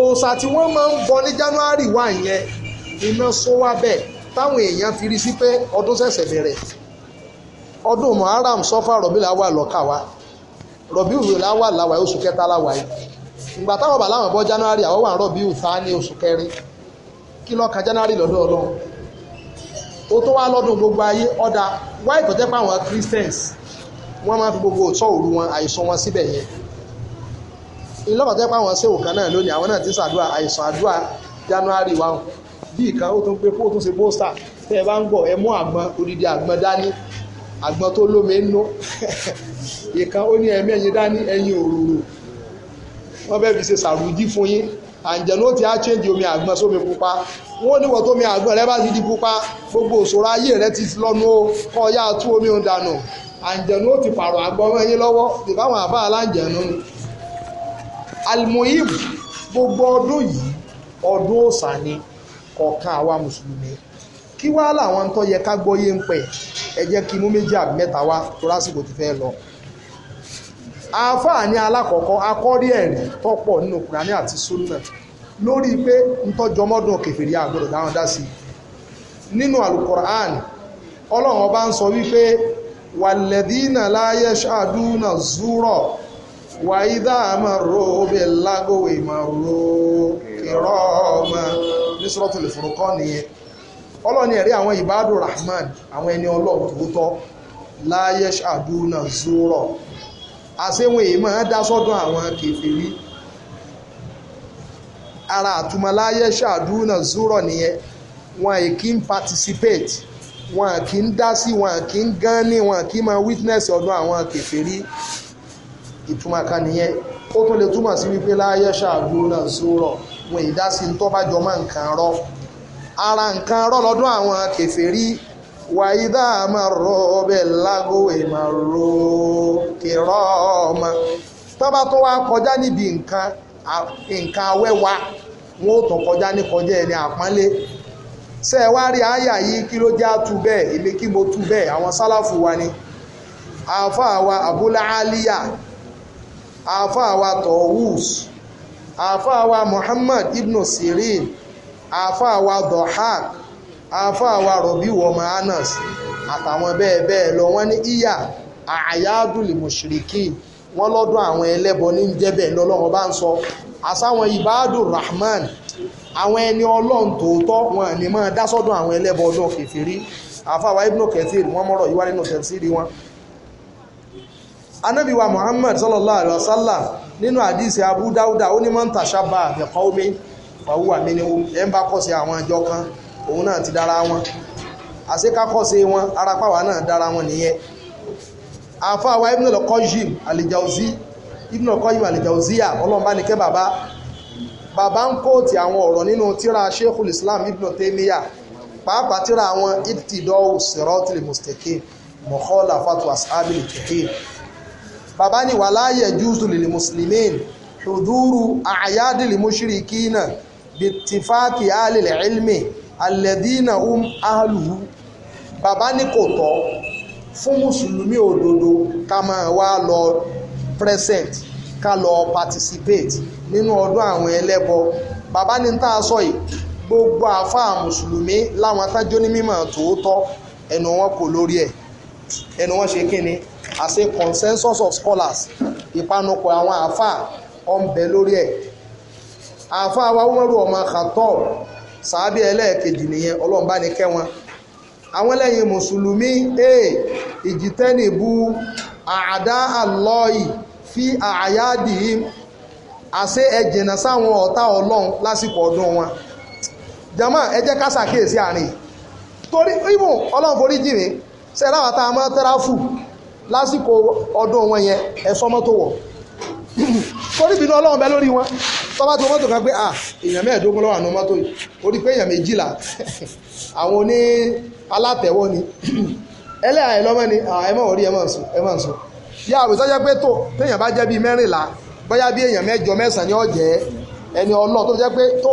òòsà tí wọ́n máa ń bọ ní January 1 yẹn iná só wá bẹ́ẹ̀ táwọn èèyàn fi rí sí pé ọdún ṣẹ̀ṣẹ̀ bẹ̀rẹ̀ ọdún muharram sọ́fà rọ̀bìlà wà rọ̀bìlà wà láwàá oṣù kẹta láwàá yìí ìgbà táwọn bàbá àwọn ọ̀bọ january àwọn wà ń rọ̀bìlù ní oṣù kẹrin gbogbo ayé ọ̀dà wáyé tó jẹ́ pé wọ́n máa fi gbogbo òtọ́ òru wọn àìsàn wọn síbẹ̀ yẹn ìlọ́kọ̀ jẹ́ pé àwọn náà bí ìkan ó tún pé kó tún ṣe bóstà tẹ́ ẹ bá ń bọ̀ ẹ mú àgbọn odidi àgbọn dání àgbọn tó lómi ń nú ìkan ó ní ẹ̀mí ẹ̀yìn dání ẹ̀yìn òróró wọ́n fẹ́ fi ṣe sàrùjí fún yín àǹjẹ̀ló ti á change omi àgbọn sómi pupa wọ́n níwọ̀ tó mi àgbọn rẹ bá ti di pupa gbogbo òṣòro ayé rẹ ti lọ́nu o kọ́ ya tú omi ń dànù àǹjẹ̀ló ti pààrọ̀ àgbọn ẹ̀yìn lọ́wọ́ ìbáwọn àbá aláǹjẹ̀nu ni alimoyim gbogbo ọdún yìí ọdún òsà ni kọ̀ọ̀kan àwa mùsùlùmí kí wá làwọn tọ́ yẹ ká mpe, ń pẹ̀ ẹ jẹ́ kí mú ti fẹ́ lọ. àáfàá ní alákọ̀ọ́kọ́ akọ́rí ẹ̀rí tọ́pọ̀ nínú kùránì àti súnà lórí pé ntọ́jọmọ́dún kẹfìrí àgbọ̀dọ̀ dáhùn dá sí i nínú ọlọ́run ọba ń sọ wípé wàlẹ́dínà láyé zúrọ̀ wàyídà ní Suratul Furqan nìyẹn ọlọ́ni ẹ̀rí àwọn ìbádùn rahman àwọn ẹni ọlọ́run tòótọ́ láyé ṣàdúnà zúrọ̀ àṣewọ̀n èyí máa dá sọ́dọ̀ àwọn ara àtúmọ̀ zúrọ̀ nìyẹn wọn kì wọn kì í dá sí wọn kì í gán ní wọn kì í máa witness ọdún àwọn ìtumọ̀ kan nìyẹn ó tún lè túmọ̀ sí wípé wọn ìdásí tó bá jọ mọ́ nǹkan rọ ara nǹkan rọ lọ́dún àwọn kèfèrí wàyídà màrò bẹ́ẹ̀ lágòwé màrò kìrọ́ ọmọ tó bá tó wá kọjá níbi nǹkan nǹkan awẹ́wa wọn ò tàn kọjá ní kọjá ẹni àpọ́nlé ṣe ẹ wá rí àyà yìí kí ló já tú bẹ́ẹ̀ èmi kí mo tú bẹ́ẹ̀ àwọn sálàfù wa ni àáfàá wa abúlé aliya àáfàá wa tọ̀húùsù àfáàwà Muhammad ibn Sirin àfáàwà Dohak àfáàwà Rabi wọmọ Anas àtàwọn bẹ́ẹ̀ bẹ́ẹ̀ lọ wọ́n ní ìyá àyádùlì mùṣìríkì wọ́n lọ́dún àwọn ẹlẹ́bọ ní jẹ́bẹ̀ lọ́lọ́wọ́ bá ń sọ àsáwọn ìbáàdù Rahman àwọn ẹni ọlọ́run tòótọ́ wọn ni máa dá sọ́dọ̀ àwọn ẹlẹ́bọ ọdún kèfèrí àfáwà Ibn Kathir wọ́n mọ́rọ̀ ìwádìí nù tẹ̀síìrì wọn anábìwà Muhammad sallallahu alaihi wasallam nínú àdìsí Abu Dauda ó ní man tashabbaha bi qawmin fahuwa minhum ẹ̀ ń bá kọ́ sí àwọn àjọ kan òun náà ti dára wọn àṣekákọ́sí wọn arapáwa náà dára wọn nìyẹn àfáwa Ibn al-Qayyim al-Jawzi Ibn al-Qayyim al-Jawziya ọlọ́mbà ní kẹ́ bàbá bàbá ń kóòtì àwọn ọ̀rọ̀ nínú tíra Sheikhul Islam Ibn Taymiyyah pàápàá tíra àwọn ibtidawu siratil mustaqim mọ̀kọ́lá fatwa sábìlì kìkì bàbá ní wà láàyè júùsù lè mùsùlùmí ṣùdúrú àyádìlì mushrikina bìtìfáàkì àlèlè ilmi alẹ́dínà um ahàlùhù bàbá ní kò tọ́ fún mùsùlùmí òdodo ká máa wá lọ present ká lọ participate nínú ọdún àwọn ẹlẹ́bọ bàbá ní tá a sọ yìí gbogbo àáfàá mùsùlùmí láwọn atájọ́ ní mímọ̀ tòótọ́ ẹnu wọn kò lórí ẹ̀ ẹnu wọn ṣe kí ni as a consensus of scholars ìpanupọ̀ àwọn àáfàá ọ̀nbẹ lórí ẹ̀ àáfàá wa Umaru ọmọ kàtọ́ sàábì ẹlẹ́ẹ̀kejì nìyẹn ọlọ́run bá ní kẹ́ wọn àwọn lẹ́yìn mùsùlùmí ẹ̀ ìjìtẹ́nì bu àdá àlọ́ọ̀yì fi àyádìí àṣẹ ẹ̀jìnà sáwọn ọ̀tá ọlọ́run lásìkò ọdún wọn jama ẹ jẹ́ ká ṣàkíyèsí àárín torí ibùn ọlọ́run forí jìnnì sẹ́ráwá tá a máa tẹ́ráfù lásìkò ọdún wọn yẹn ẹ̀sọ́ mọ́tò wọ̀ torí bínú ọlọ́run bẹ lórí wọn tọ́ba tó mọ́tò kan pé à ah, èèyàn mẹ́ẹ̀ẹ́dógún lọ́wọ́ àná mọ́tò yìí ó rí pé èèyàn méjìlá àwọn oní alátẹ̀wọ́ ni ẹlẹ́yà ẹ̀ lọ́mọ ni ah, ẹ mọ̀ orí ẹ mọ̀ sùn ẹ mọ̀ sùn yá àwẹ̀ sọ́jọ́ pé tó téèyàn bá jẹ́ bíi mẹ́rìnlá bóyá bí èèyàn mẹ́jọ mẹ́sàn-án ni jẹ́ ẹni ọlọ́ọ̀ tó jẹ́ pé tó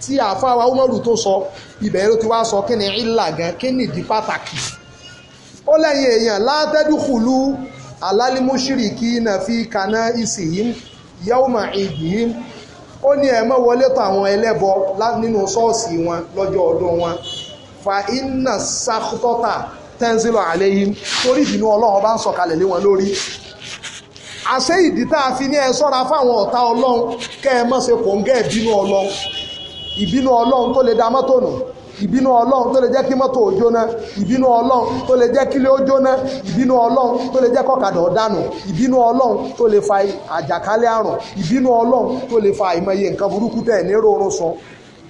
tí àfáwà umaru tó sọ ibẹ̀ ló ti wá sọ kí ni ìlà gan kí ni ìdí pàtàkì ó lẹ́yìn èèyàn látẹ́dúkùlù alálímúṣìrìkì náà fi kaná ìsìyí yawma ìdìí ó ní ẹ má wọlé tọ̀ àwọn ẹlẹ́bọ nínú ṣọ́ọ̀ṣì wọn lọ́jọ́ ọdún wọn fa iná sakutọ́ta tẹ́ńsílọ̀ àléyìn torí ìbínú ọlọ́run bá ń sọ̀kalẹ̀ lé wọn lórí àṣé ìdí tá a fi ní ẹ sọ́ra fáwọn ọ̀tá ọlọ́run kẹ́ ẹ má ṣe kò ń gẹ́ ìbínú ọlọ́run ìbínú ọlọ́run tó lè dá mọ́tò nù ìbínú ọlọ́run tó lè jẹ́ kí mọ́tò ó jóná ìbínú ọlọ́run tó lè jẹ́ kílé ó jóná ìbínú ọlọ́run tó lè jẹ́ kọ́kadà ọ̀dánù ìbínú ọlọ́run tó lè fa àjàkálẹ̀ sọ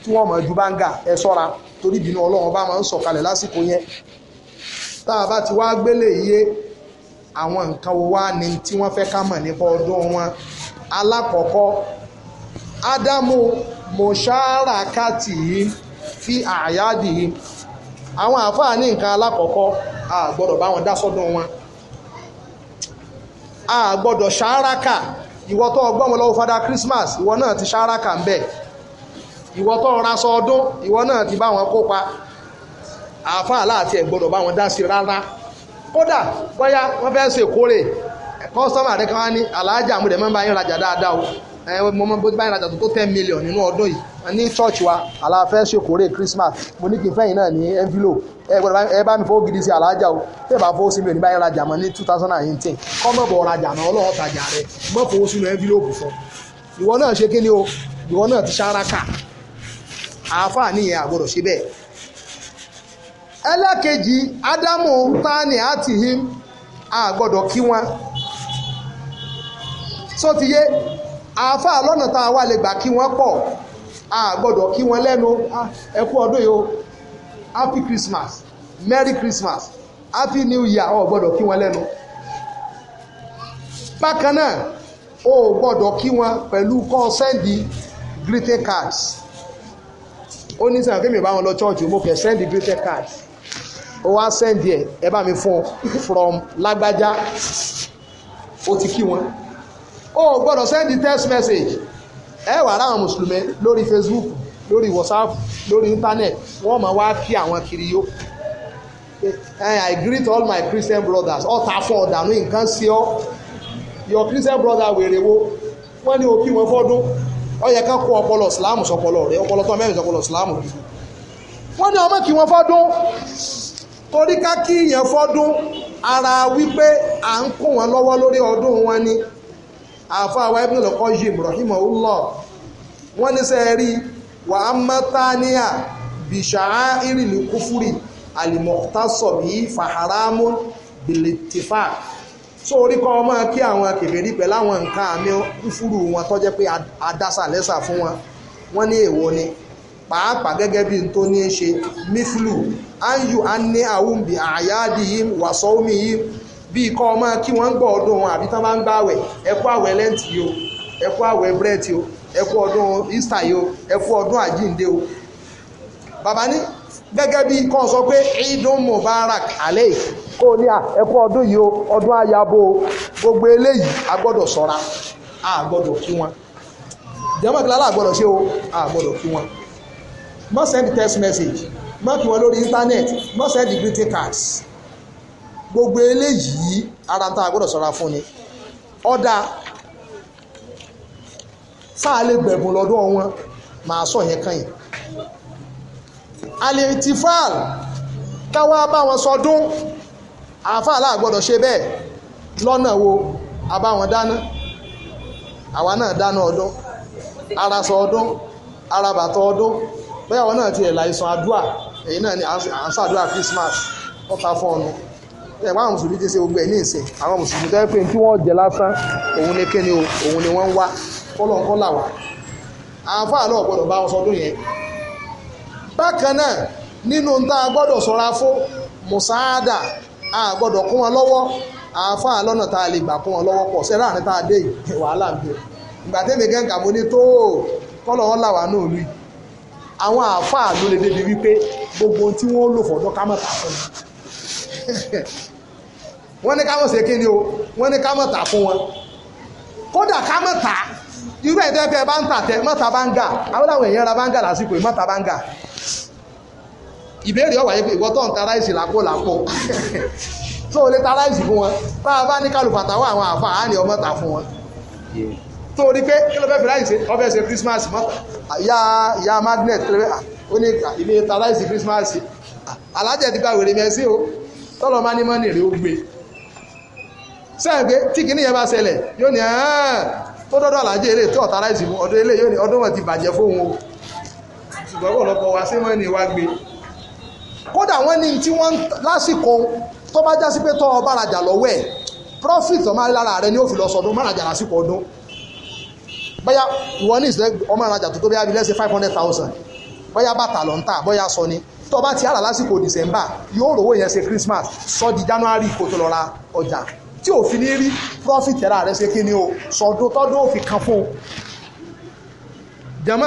tí wọ́n mọ̀ ju báńgà ẹ sọ́ra torí ìbínú ọlọ́run bá ti wá gbélé iye àwọn nǹkan ni tí wọ́n fẹ́ ká mọ̀ nípa ọdún wọn alákọ̀ọ́kọ́ mọ̀ṣárakàtì yìí fi àyáàdì yìí àwọn àáfàá ní nǹkan alákọ̀ọ́kọ́ a gbọ́dọ̀ bá wọn dá sọ́dún wọn a gbọ́dọ̀ ṣáraka ọgbọ́n lọ́wọ́ fada Christmas ìwọ náà ti ṣáraka ń bẹ ìwọ tó raṣọ ọdún ìwọ náà ti bá wọn kópa àáfàá láti ẹ̀ gbọ́dọ̀ bá wọn dá sí rárá kódà bóyá wọ́n fẹ́ ṣèkórè kọ́sọ́mà rẹ̀ kan wá ní aláàjà àmúdẹ̀ mọ́ bá yín rajà dáadáa o mo mọ bó ti báyìí rajà tó tó ten million nínú ọdún yìí ní ṣọ́ọ̀ṣì wa aláfẹ́ ṣèkórè Christmas mo ní kí n fẹ́yìn náà ní envelope ẹ gbọ́dọ̀ ẹ bá mi fowó gidi sí alájà o tẹ́ bá fowó sí mi ò ní báyìí rajà mọ́ ní two thousand and eighteen kọ́ mọ̀ bọ̀ rajà náà ọlọ́wọ́ tajà rẹ̀ mọ̀ fowó sínú envelope fún ìwọ náà ṣe kíni o ìwọ náà ti ṣáraka àáfàá nìyẹn àgbọ̀dọ̀ ṣe bẹ́ẹ̀ ẹlẹ́kejì Ádámù tani àtìhím àgbọ̀dọ̀ kí wọn sọ ti yé àáfà lọ́nà tá a wà lè gbà kí wọ́n pọ̀ a gbọ́dọ̀ kí wọ́n lẹ́nu ah, ẹ ọdún yìí o happy christmas merry christmas happy new year o gbọ́dọ̀ kí wọ́n lẹ́nu. bákan náà o gbọ́dọ̀ kí wọ́n pẹ̀lú kọ́ sẹ́ndì greeting cards ó ní sàn kémi bá wọn lọ church mo kẹ́ sẹ́ndì greeting cards ó wá sẹ́ndì ẹ̀ ẹ bá mi fún ọ from lágbájá ó ti kí wọn. o gbọdọ send the text message ẹ wà láwọn mùsùlùmí lórí facebook lórí whatsapp lórí internet wọ́n máa wá kí àwọn kiri yó i greet all my christian brothers ọ̀tá fún ọ̀dànù nǹkan sí ọ your christian brother wèrè wo wọ́n ní o wọn fọ́dún ó yẹ kó ọpọlọ ìsìláàmù sọpọlọ rẹ ọpọlọ tó mẹ́rin sọpọlọ ìsìláàmù rẹ wọ́n ní ọmọ kí wọn fọ́dún torí ká kí ìyẹn fọ́dún ara wípé à ń kó wọn lọwọ lórí ọdún wọn ni àfa àwa ibùdó lọ́kọ́ yìí rahimahullah wọ́n ní sẹ́ rí wà á mọ́tánìyà bìṣàá ìrìlì kúfúrì àlìmọ̀tásọ̀ bíi fàhárámù bìlìtìfà so orí kọ́ ọmọ kí àwọn kèfèrí pẹ̀lú àwọn nǹkan àmì kúfúrù wọn tó jẹ́ pé adásà lẹ́sà fún wọn wọ́n ní èèwọ̀ ni pàápàá gẹ́gẹ́ bí n tó ní í ṣe miflu anyu anne ahumbi ayadi yim wasọ́mi yim bíi kọ́ ọmọ kí wọ́n ń gbọ́ ọdún wọn àbí tán bá ń gbàwẹ̀ ẹkú àwẹ̀ lẹ́ǹtì yìí o ẹkú àwẹ̀ bírẹ́tì o ẹkú ọdún Easter yìí o ẹkú ọdún àjíǹde o bàbá ní gẹ́gẹ́ bíi kọ́ sọ pé idun mubarak alẹ́ kó o ní à ẹkú ọdún yìí o ọdún ayabo o gbogbo eléyìí a gbọ́dọ̀ ṣọ́ra a gbọ́dọ̀ kí wọn jẹ́mọ̀ kíláàlà a gbọ́dọ̀ ṣe o a gbọ́dọ̀ text message mọ́ kí wọn internet mọ́ send greeting cards gbogbo eléyìí ara tá a gbọ́dọ̀ sọ́ra fún ni ọ̀dà sáà lè gbẹ̀bùn lọ́dọ̀ wọn màá sọ yẹn kàn yìí alìtìfáàl káwá bá wọn sọdún àáfàá aláàgbọ́dọ̀ ṣe bẹ́ẹ̀ lọ́nà wo àbáwọn dáná àwa náà dáná ọdún ara sọ ọdún ara bàtọ ọdún bẹ́ẹ̀ àwọn náà ti ẹ̀ láìsàn àdúà èyí náà ni à ń ṣàdúà Christmas wọ́n ta fún ọ̀nà ẹ̀wọ́n àwọn mùsùlùmí ti ṣe gbogbo ẹ̀ ní ìsìn àwọn mùsùlùmí tó yẹ pé tí wọ́n jẹ lásán òun ni kíni o òun ni wọ́n ń wá kọ́lọ́nkọ́ là wá àáfàá náà gbọ́dọ̀ bá wọn sọdún yẹn bákan náà nínú tá a gbọ́dọ̀ sọra fún mùsáádà a gbọ́dọ̀ kún wọn lọ́wọ́ àáfàá lọ́nà tá a lè gbà kún wọn lọ́wọ́ pọ̀ sẹ́rà ní tá a dé yìí wàhálà ń bẹ ìgbà tẹ́mi gẹ́ǹkà mo ní tó kọ́lọ̀ wọn làwà náà lù àwọn àáfàá ló lè débi wípé gbogbo ohun tí wọ́n lò fọ́dọ́ ká tà fún mi wọ́n ní ká mọ̀ ṣe kí ni o wọ́n ní ká mọ̀ tà fún wọn kódà ká mọ̀ tà irú ẹ̀dẹ́ tẹ́ bá ń tà tẹ́ mọ̀tà báńgà àwọn àwọn èèyàn ra báńgà lásìkò yìí mọ̀tà báńgà ìbéèrè ọ̀wà yìí pé ìwọ tó ń ta ráìsì làpò làpò tó o lè ta ráìsì fún wọn bá a bá ní kálùfàtà wà àwọn àfa àá ní ọmọ tà fún wọn tó o rí pé kí ló fẹ́ fi ráìsì ọfẹ́ ṣe Christmas mọ́tà ìyá ìyá magnet ó ní ilé ta ráìsì Christmas alájẹ ti gba wèrè mẹ́sìn o tọ́lọ́ bá ní mọ́nì rẹ̀ ó gbé sẹ́yìn pé tí kìíní yẹn bá ṣẹlẹ̀ yóò ní tó dọ́dọ̀ àlàjì eré tí ọ̀tá láìsí fún ọdún ilé yóò ní ọdún wọn ti bàjẹ́ fóun o ṣùgbọ́n ọ̀pọ̀lọpọ̀ wa sí mọ́nì wa gbé kódà wọ́n ní tí wọ́n lásìkò tó bá jásí pé tọ́ ọba rajà lọ́wọ́ ẹ̀ profit ọmọ alára rẹ ni ó fi lọ sọdún má rajà lásìkò ọdún bóyá ìwọ ní ìsìlẹ̀ ọmọ rajà tó tó bí five hundred thousand bóyá bàtà lọ́ntà bóyá sọ tó bá ti ara lásìkò december yóò rówó yẹn ṣe christmas sọ di january kó tó lọ ra ọjà tí ò fi ní rí profit ẹ̀rà rẹ̀ ṣe kí ni o sọ̀dọ̀ tọ́dún ò kan fún un jama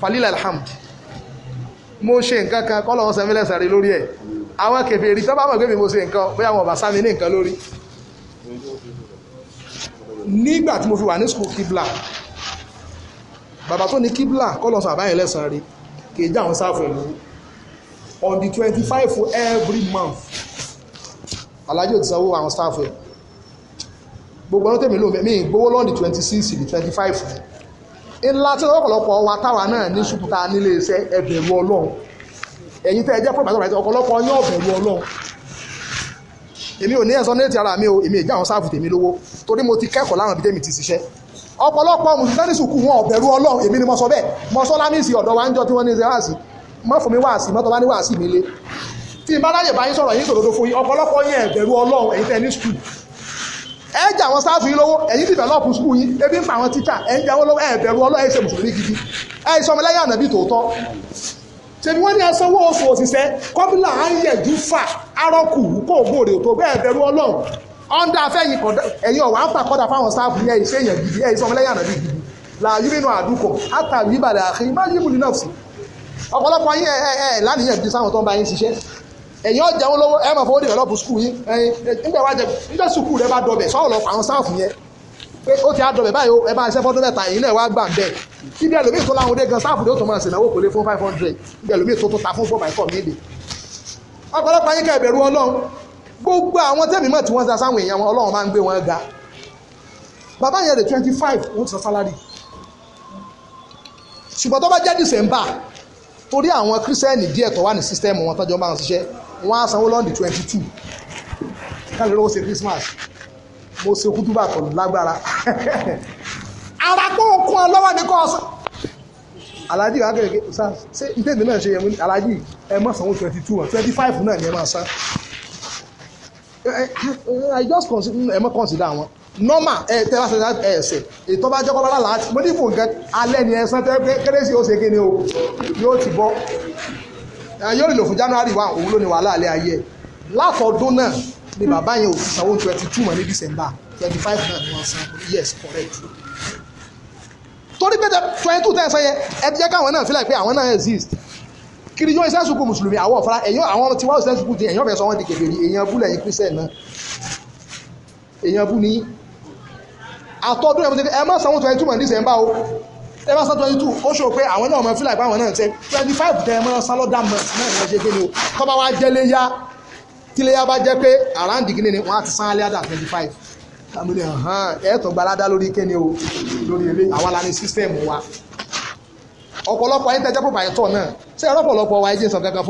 falila alhamd mo ṣe nǹkan kan kọ́ lọ́wọ́ sẹ́mi lẹ́sẹ̀ rí lórí ẹ̀ àwọn kèfèrí tó bá mọ̀ pé mi mo ṣe nǹkan bóyá wọn ò bá sá mi ní nǹkan lórí nígbà tí mo fi wà ní school kibla bàbá tó ní kibla kọ́ lọ́sọ̀ àbáyẹ̀ lẹ́sàn rí kì í já àwọn sáfù ẹ̀ on the twenty five for every month alhaji ò ti sanwó àwọn staff ẹ̀ gbogbo ọdún tèmi ló fẹ́ mi gbowó lọ́ọ̀dì twenty six ní twenty five ńlá tí ọ̀pọ̀lọpọ̀ wa táwa náà ní ṣùkúta nílé iṣẹ́ ẹ̀bẹ̀rù ọlọ́run ẹ̀yin tẹ́ ẹ jẹ́ pọ̀lọpọ̀ àti ọ̀pọ̀lọpọ̀ yín ọ̀bẹ̀rù ọlọ́run èmi ò ní ẹ̀sọ́ ní ètí ara mi o èmi ìjà àwọn sáàfù tèmi lówó torí mo ti kẹ́kọ̀ọ́ láwọn ibi tèmi ti ṣiṣẹ́ ọ̀pọ̀lọpọ̀ mùsùlùmí sùkú wọn ọ̀bẹ̀rù ọlọ́run èmi ni mo sọ bẹ́ẹ̀ mo sọ lámìsì ọ̀dọ̀ wa ń jọ tí wọ́n ní ṣe wá sí i má fún mi wá sí mọ́tò bá ní wá sí mi lé tí n bá ráyè bá yín sọ̀rọ̀ yín sòdodo fún yín ọ̀pọ̀lọpọ̀ yín ẹ̀bẹ̀rù ọlọ́run ẹ̀yin tẹ́ ní skul ẹ jẹ àwọn sáfù yín lọ́wọ́ ẹ̀yin dìvẹ́lọ́pù skul yín ebi ń pa àwọn tíṣà ẹ ń jẹ àwọn lọ́wọ́ ẹ̀bẹ̀rù ọlọ́run ẹ̀ ṣe mùsùlùmí gidi ẹ sọmọ lẹ́yìn ànábì tòótọ́ ṣèbí wọ́n ní ẹsanwó oṣù òṣìṣẹ́ kọ́bílà á ń yẹ̀jú fà árọ́kù kó gbòòrè tó bẹ́ẹ̀ bẹ̀rù ọlọ́run ọ̀ndà afẹ́yìn kọ̀dá ẹ̀yìn ọ̀wà ń pàkọ́dà fáwọn sáàbù yẹ ìṣẹ́yìn gidi ẹ̀ ìsọmọlẹ́yìn ànábì gidi làyí nínú àdúkọ̀ àtàwí ìbàdàn àkè má yí mú ní náà sí ọ̀pọ̀lọpọ̀ yín ẹ ẹ ẹ lánìyàn ju sáwọn tó ń bá yín ṣiṣẹ́ ẹ̀yin ọjà wọn lọ́wọ́ ẹ máa fọwọ́ develop skul yín ẹ̀yin nígbà wájẹ nígbà skul rẹ bá dọbẹ̀ sọ́wọ́ lọ àwọn sáàfù yẹn pé ó ti á dọbẹ̀ báyìí ó ẹ máa ṣe fọ́dún mẹ́ta ẹ̀yin náà wá gbà bẹ́ẹ̀ ibi ẹlòmíì tó láwọn ọdẹ gan sáàfù ni ó tó máa ṣe náwó kò lé fún five hundred ibi ẹlòmíì tó tó ta fún four by four mílì ọ̀pọ̀lọpọ̀ yín kẹ́ bẹ̀rù Ọlọ́run gbogbo àwọn tẹ́mi mọ̀ tí wọ́n sa sáwọn èèyàn wọn Ọlọ́run máa ń gbé wọn ga bàbá yẹn rẹ̀ twenty five wọ́n ti sa sálárì ṣùgbọ́n tó bá jẹ́ December torí àwọn kírísítẹ́nì díẹ̀ tó wà ní sísítẹ́ẹ̀mù wọn tọ́jú bá wọn ṣiṣẹ́ wọ́n á sanwó lọ́ndì twenty two káàlì lówó ṣe Christmas mo ṣe kútúbà tó lágbára ara kó o kún ọ lọ́wọ́ ní kó o sọ. alájì wà kékeré sá ṣé ìtẹ́ẹ̀dì náà ṣe yẹmu alájì ẹ má sanwó twenty two twenty five náà ni ẹ máa san eh, eh, I just consider ẹ má consider àwọn normal ẹ eh, tẹ bá sọ̀rọ̀ ẹ ẹsẹ̀ ètò bá jẹ́kọ́ lọ́la láti mo ní fún nǹkan alẹ́ ni ẹ̀sán tẹ́ pé kérésì ó ṣe kí ni o yóò ti bọ́ eh, yóò lò fún january one òun ló ní wàhálà alẹ́ ayé ẹ̀ látọ̀dún náà ni bàbá yẹn ò fi sanwó twenty two mọ̀ ní december twenty five náà ni wọ́n san yes correct torí pé twenty two tẹ̀sán yẹn ẹ ti jẹ́ káwọn náà feel like pé àwọn náà exist kiri yóò iṣẹ́ sùkú mùsùlùmí àwọ̀ ọ̀fọ́lá ẹ̀yọ́ àwọn tiwa iṣẹ́ sùkú ti ẹ̀yọ́ fẹ́ sọ wọ́n di kèfèrí èèyàn bú lẹ́yìn kírísẹ̀ náà èèyàn bú ní àtọ́dún ẹ̀ mo ti ẹ má sanwó twenty two mọ̀ ní sẹ́ńbà o ẹ má san twenty two ó ṣòro pé àwọn náà mọ̀ fílà ìpá àwọn náà tẹ twenty five tẹ ẹ mọ́ san lọ́dà mọ̀ náà ní ṣe kéde o tọ́ba wa jẹ́ léyà tí léyà bá jẹ́ pé àràǹdì kíni ni wọ́n á ti san alẹ́ àdà twenty five àmúlẹ̀ hàn ẹ̀ẹ́tọ̀ gbalada lórí kéde o lórí ilé àwa la ní system wa ọ̀pọ̀lọpọ̀ ayé tẹ́jọ́ pọ̀ bàyẹ̀tọ̀ náà ṣé ọ̀pọ̀lọpọ̀ wa ẹ̀jẹ̀ sàn kankan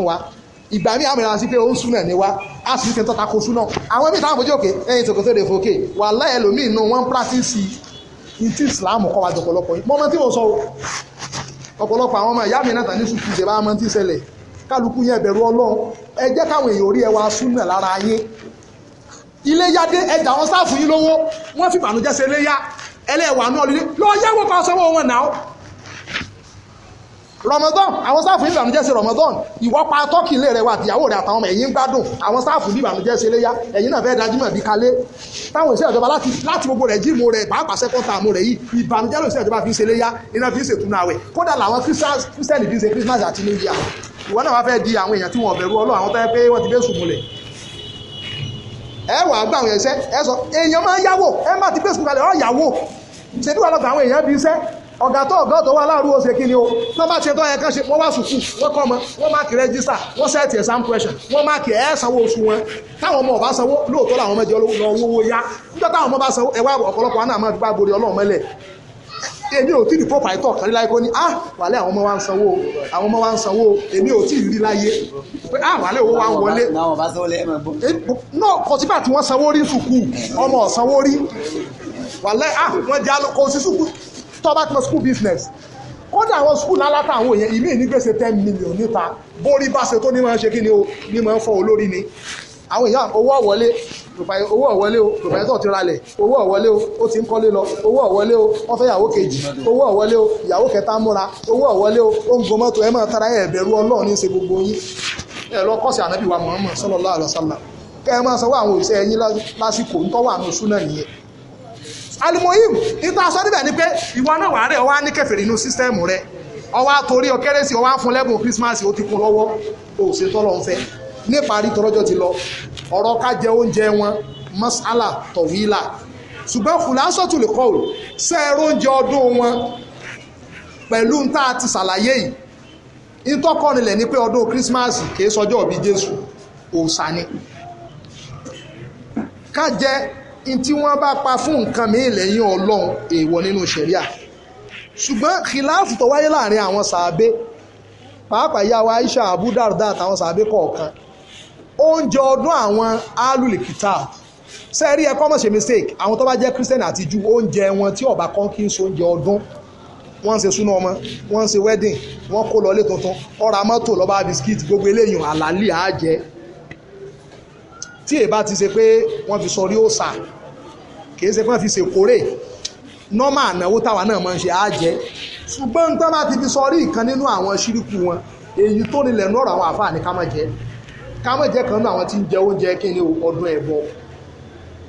ìgbà mi àmì ìrànṣí pé ó ń súnà ní wa a sì ṣe tọ́ta kó súnà àwọn ẹbí táwọn fojú òkè ẹ̀yìn tòkòtò lè fòkè wà láyẹ̀ lómi inú wọn ń pàtíìsì ìtì ìsìláàmù kọ́ wa jọ ọ̀pọ̀lọpọ̀ yìí mọ́mọ́ tí mo sọ ọ̀pọ̀lọpọ̀ àwọn ọmọ ìyá mi náà tà ní sùkúù ṣe bá mọ́ tí ṣẹlẹ̀ kálukú yẹn bẹ̀rù ọlọ́run ẹ jẹ́ káwọn èèyàn orí ẹwà súnà lára yín iléyádé ẹjà wọn sáàfù yín lówó wọ́n fi bànújẹ́ ṣe léyà ẹlẹ́wà náà lílé lọ́ọ́ yẹ́wọ́ kan sanwó wọn náà Ramadan àwọn sáàfù ní ìbànújẹ́ ṣe Ramadan ìwọ pa tọ́kì ilé rẹ wa àtìyàwó rẹ àtàwọn ọmọ ẹ̀yìn ń gbádùn àwọn sáàfù ní ìbànújẹ́ ṣe léyà ẹ̀yìn náà fẹ́ẹ́ dájú mọ̀ bí kalé táwọn ìṣe ìjọba láti láti gbogbo rẹ̀ jíìmù rẹ̀ pàápàá sẹ́kọ́ńtà àmú rẹ̀ yìí ìbànújẹ́ ló ìṣe ìjọba fi ń ṣe léyà iná fi ń ṣètúnú àwẹ̀ kódà làwọn kírísítẹ́nì ẹ wà gbà àwọn ẹ̀ṣẹ́ ẹ sọ èèyàn máa ń yáwó ẹ má ti fẹ́ sùn kalẹ̀ ọ̀ yáwó ṣètúwà lọ́gbà àwọn èèyàn bí iṣẹ́ ọ̀gá tó ọ̀gá tó wà láàrú ọ̀sẹ̀ kí ni o wọ́n bá ti tọ́ ẹ̀kan ṣe wọ́n wá sùkúù wọ́n kọ́ ọmọ wọ́n máàkì rẹ́gísà wọ́n sẹ́ẹ̀tì exam question wọ́n máàkì ẹ̀ sanwó oṣù wọn táwọn ọmọ ọba sanwó lóòótọ́ làwọn mẹ́jọ lọ owó yá nígbà táwọn ọmọ bá sanwó ẹ̀wá ọ̀pọ̀lọpọ̀ àná àmọ́ gbá gori ọlọ́run mẹ́lẹ̀ èmi ò tí ì fọ́ pàìtọ́ kan láyé kó ní ah wàlẹ́ àwọn ọmọ wa ń sanwó àwọn ọmọ wa ń sanwó èmi ò tí ì rí láyé pé ah wàlẹ́ owó wa ń wọlé náà kọtíbà tí wọ́n sanwó rí sùkúù ọmọ ọ̀sanwó rí wàlẹ́ ah wọ́n já lọ kó sí sùkúù tó bá ti lọ school business kódà àwọn school lálátà àwọn èèyàn ìmí ní gbèsè ten million níta bórí bá ṣe tó ní máa ṣe kí ni o ní máa ń fọ olórí ni àwọn èèyàn owó ọ̀wọ́lé owó ọ̀wọ́lé o pòpáyítọ̀ ti ralẹ̀ owó ọ̀wọ́lé o ó ti ń kọ́lé lọ owó ọ̀wọ́lé o wọ́n fẹ́ ìyàwó kejì owó ọ̀wọ́lé o ìyàwó kẹta múra owó ọ̀wọ́lé o ó ń gun mọ́tò ẹ máa tara ẹ̀ bẹ̀rù Ọlọ́run ní ṣe gbogbo yín ẹ lọ kọ́sì ànábì wa Muhammad sallallahu alaihi wasallam kẹ́ ẹ máa sanwó àwọn òṣìṣẹ́ yín lásìkò ń tọ́wọ́ àánú súnà nìyẹn alimoyim nípa aṣọ níbẹ̀ ni pé ìwọ náà wà á rẹ̀ ọ wá ní kẹfìrì inú sísítẹ́ẹ̀mù rẹ ọ wá torí ọ kérésì ọ wá fún lẹ́bùn kírísímàsì ó ti kún lọ́wọ́ o ò ṣe tọ́lọ́ ń fẹ́ níparí tọ́lọ́jọ́ ti lọ ọ̀rọ̀ ká jẹ oúnjẹ wọn masala tọ̀wílà ṣùgbọ́n kùlásọ̀tù lè kọ́ọ̀lù sẹ́ẹ̀rọ oúnjẹ ọdún wọn pẹ̀lú ń tá a ti ṣàlàyé yìí ìtọ́kọ̀nilẹ̀ ni pé ọdún kírísímàsì kìí sọjọ́ ìbí jésù òòṣà ni ká jẹ ntí wọ́n bá pa fún nǹkan míì lẹ́yìn ọlọ́run èèwọ̀ nínú ṣẹ̀ríà ṣùgbọ́n kìláàfù tó wáyé láàrin àwọn sàábé pàápàá ìyá wa Aisha Abu Darda àtàwọn sàábé kọ̀ọ̀kan oúnjẹ ọdún àwọn alùlìkìtà sẹ́ẹ̀rí ẹ kọ́ mistake àwọn tó bá jẹ́ Christian àti Júù oúnjẹ wọn tí ọba kan kí ń so oúnjẹ ọdún wọ́n ń ṣe súná ọmọ wọ́n ń ṣe wedding wọ́n kó lọ tuntun ọ̀rà mọ́tò lọ́ba bisikíìtì gbogbo eléyìí àlàálì àjẹ́ tí èbá ti ṣe pé wọ́n fi sọ rí òòsà kìí ṣe fún fi ṣe kórè nọ́mà ànáwó táwa náà máa ń ṣe àjẹ́ ṣùgbọ́n tó bá ti fi sọrí ìkan nínú àwọn ṣíríkù wọn èyí tó nílẹ̀ nọ́ọ̀rọ̀ àwọn àfáà ní kámọ̀jẹ́ kámọ̀jẹ́ kan náà àwọn tí ń jẹ oúnjẹ kí ni ọdún ẹ̀bọ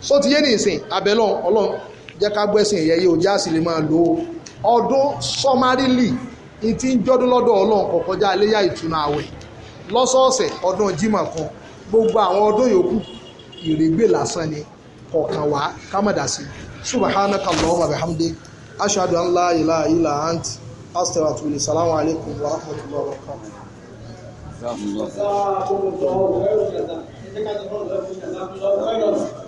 só ti yé ní ìsìn abẹ́lọ́ ọlọ́run jẹ́ ká gbẹ́sìn ẹ̀yẹ yìí òjá sì lè máa lò ó ọdún sọmárìlì ní ti ń jọ́dún lọ́dọ̀ ọlọ́run kọ̀kọ́já iléyà ìtúnu àwẹ̀ lọ́sọ̀ọ̀sẹ̀ ọdún jímọ̀ kan gbogbo àwọn ọdún yòókù ìrègbè lásán ni kọ̀ọ̀kan wá ká má dà sí subhanaka allahumma wa bihamdik ashhadu an la ilaha illa anti astaghfiruka assalamu alaikum wa rahmatullahi wa barakatuh.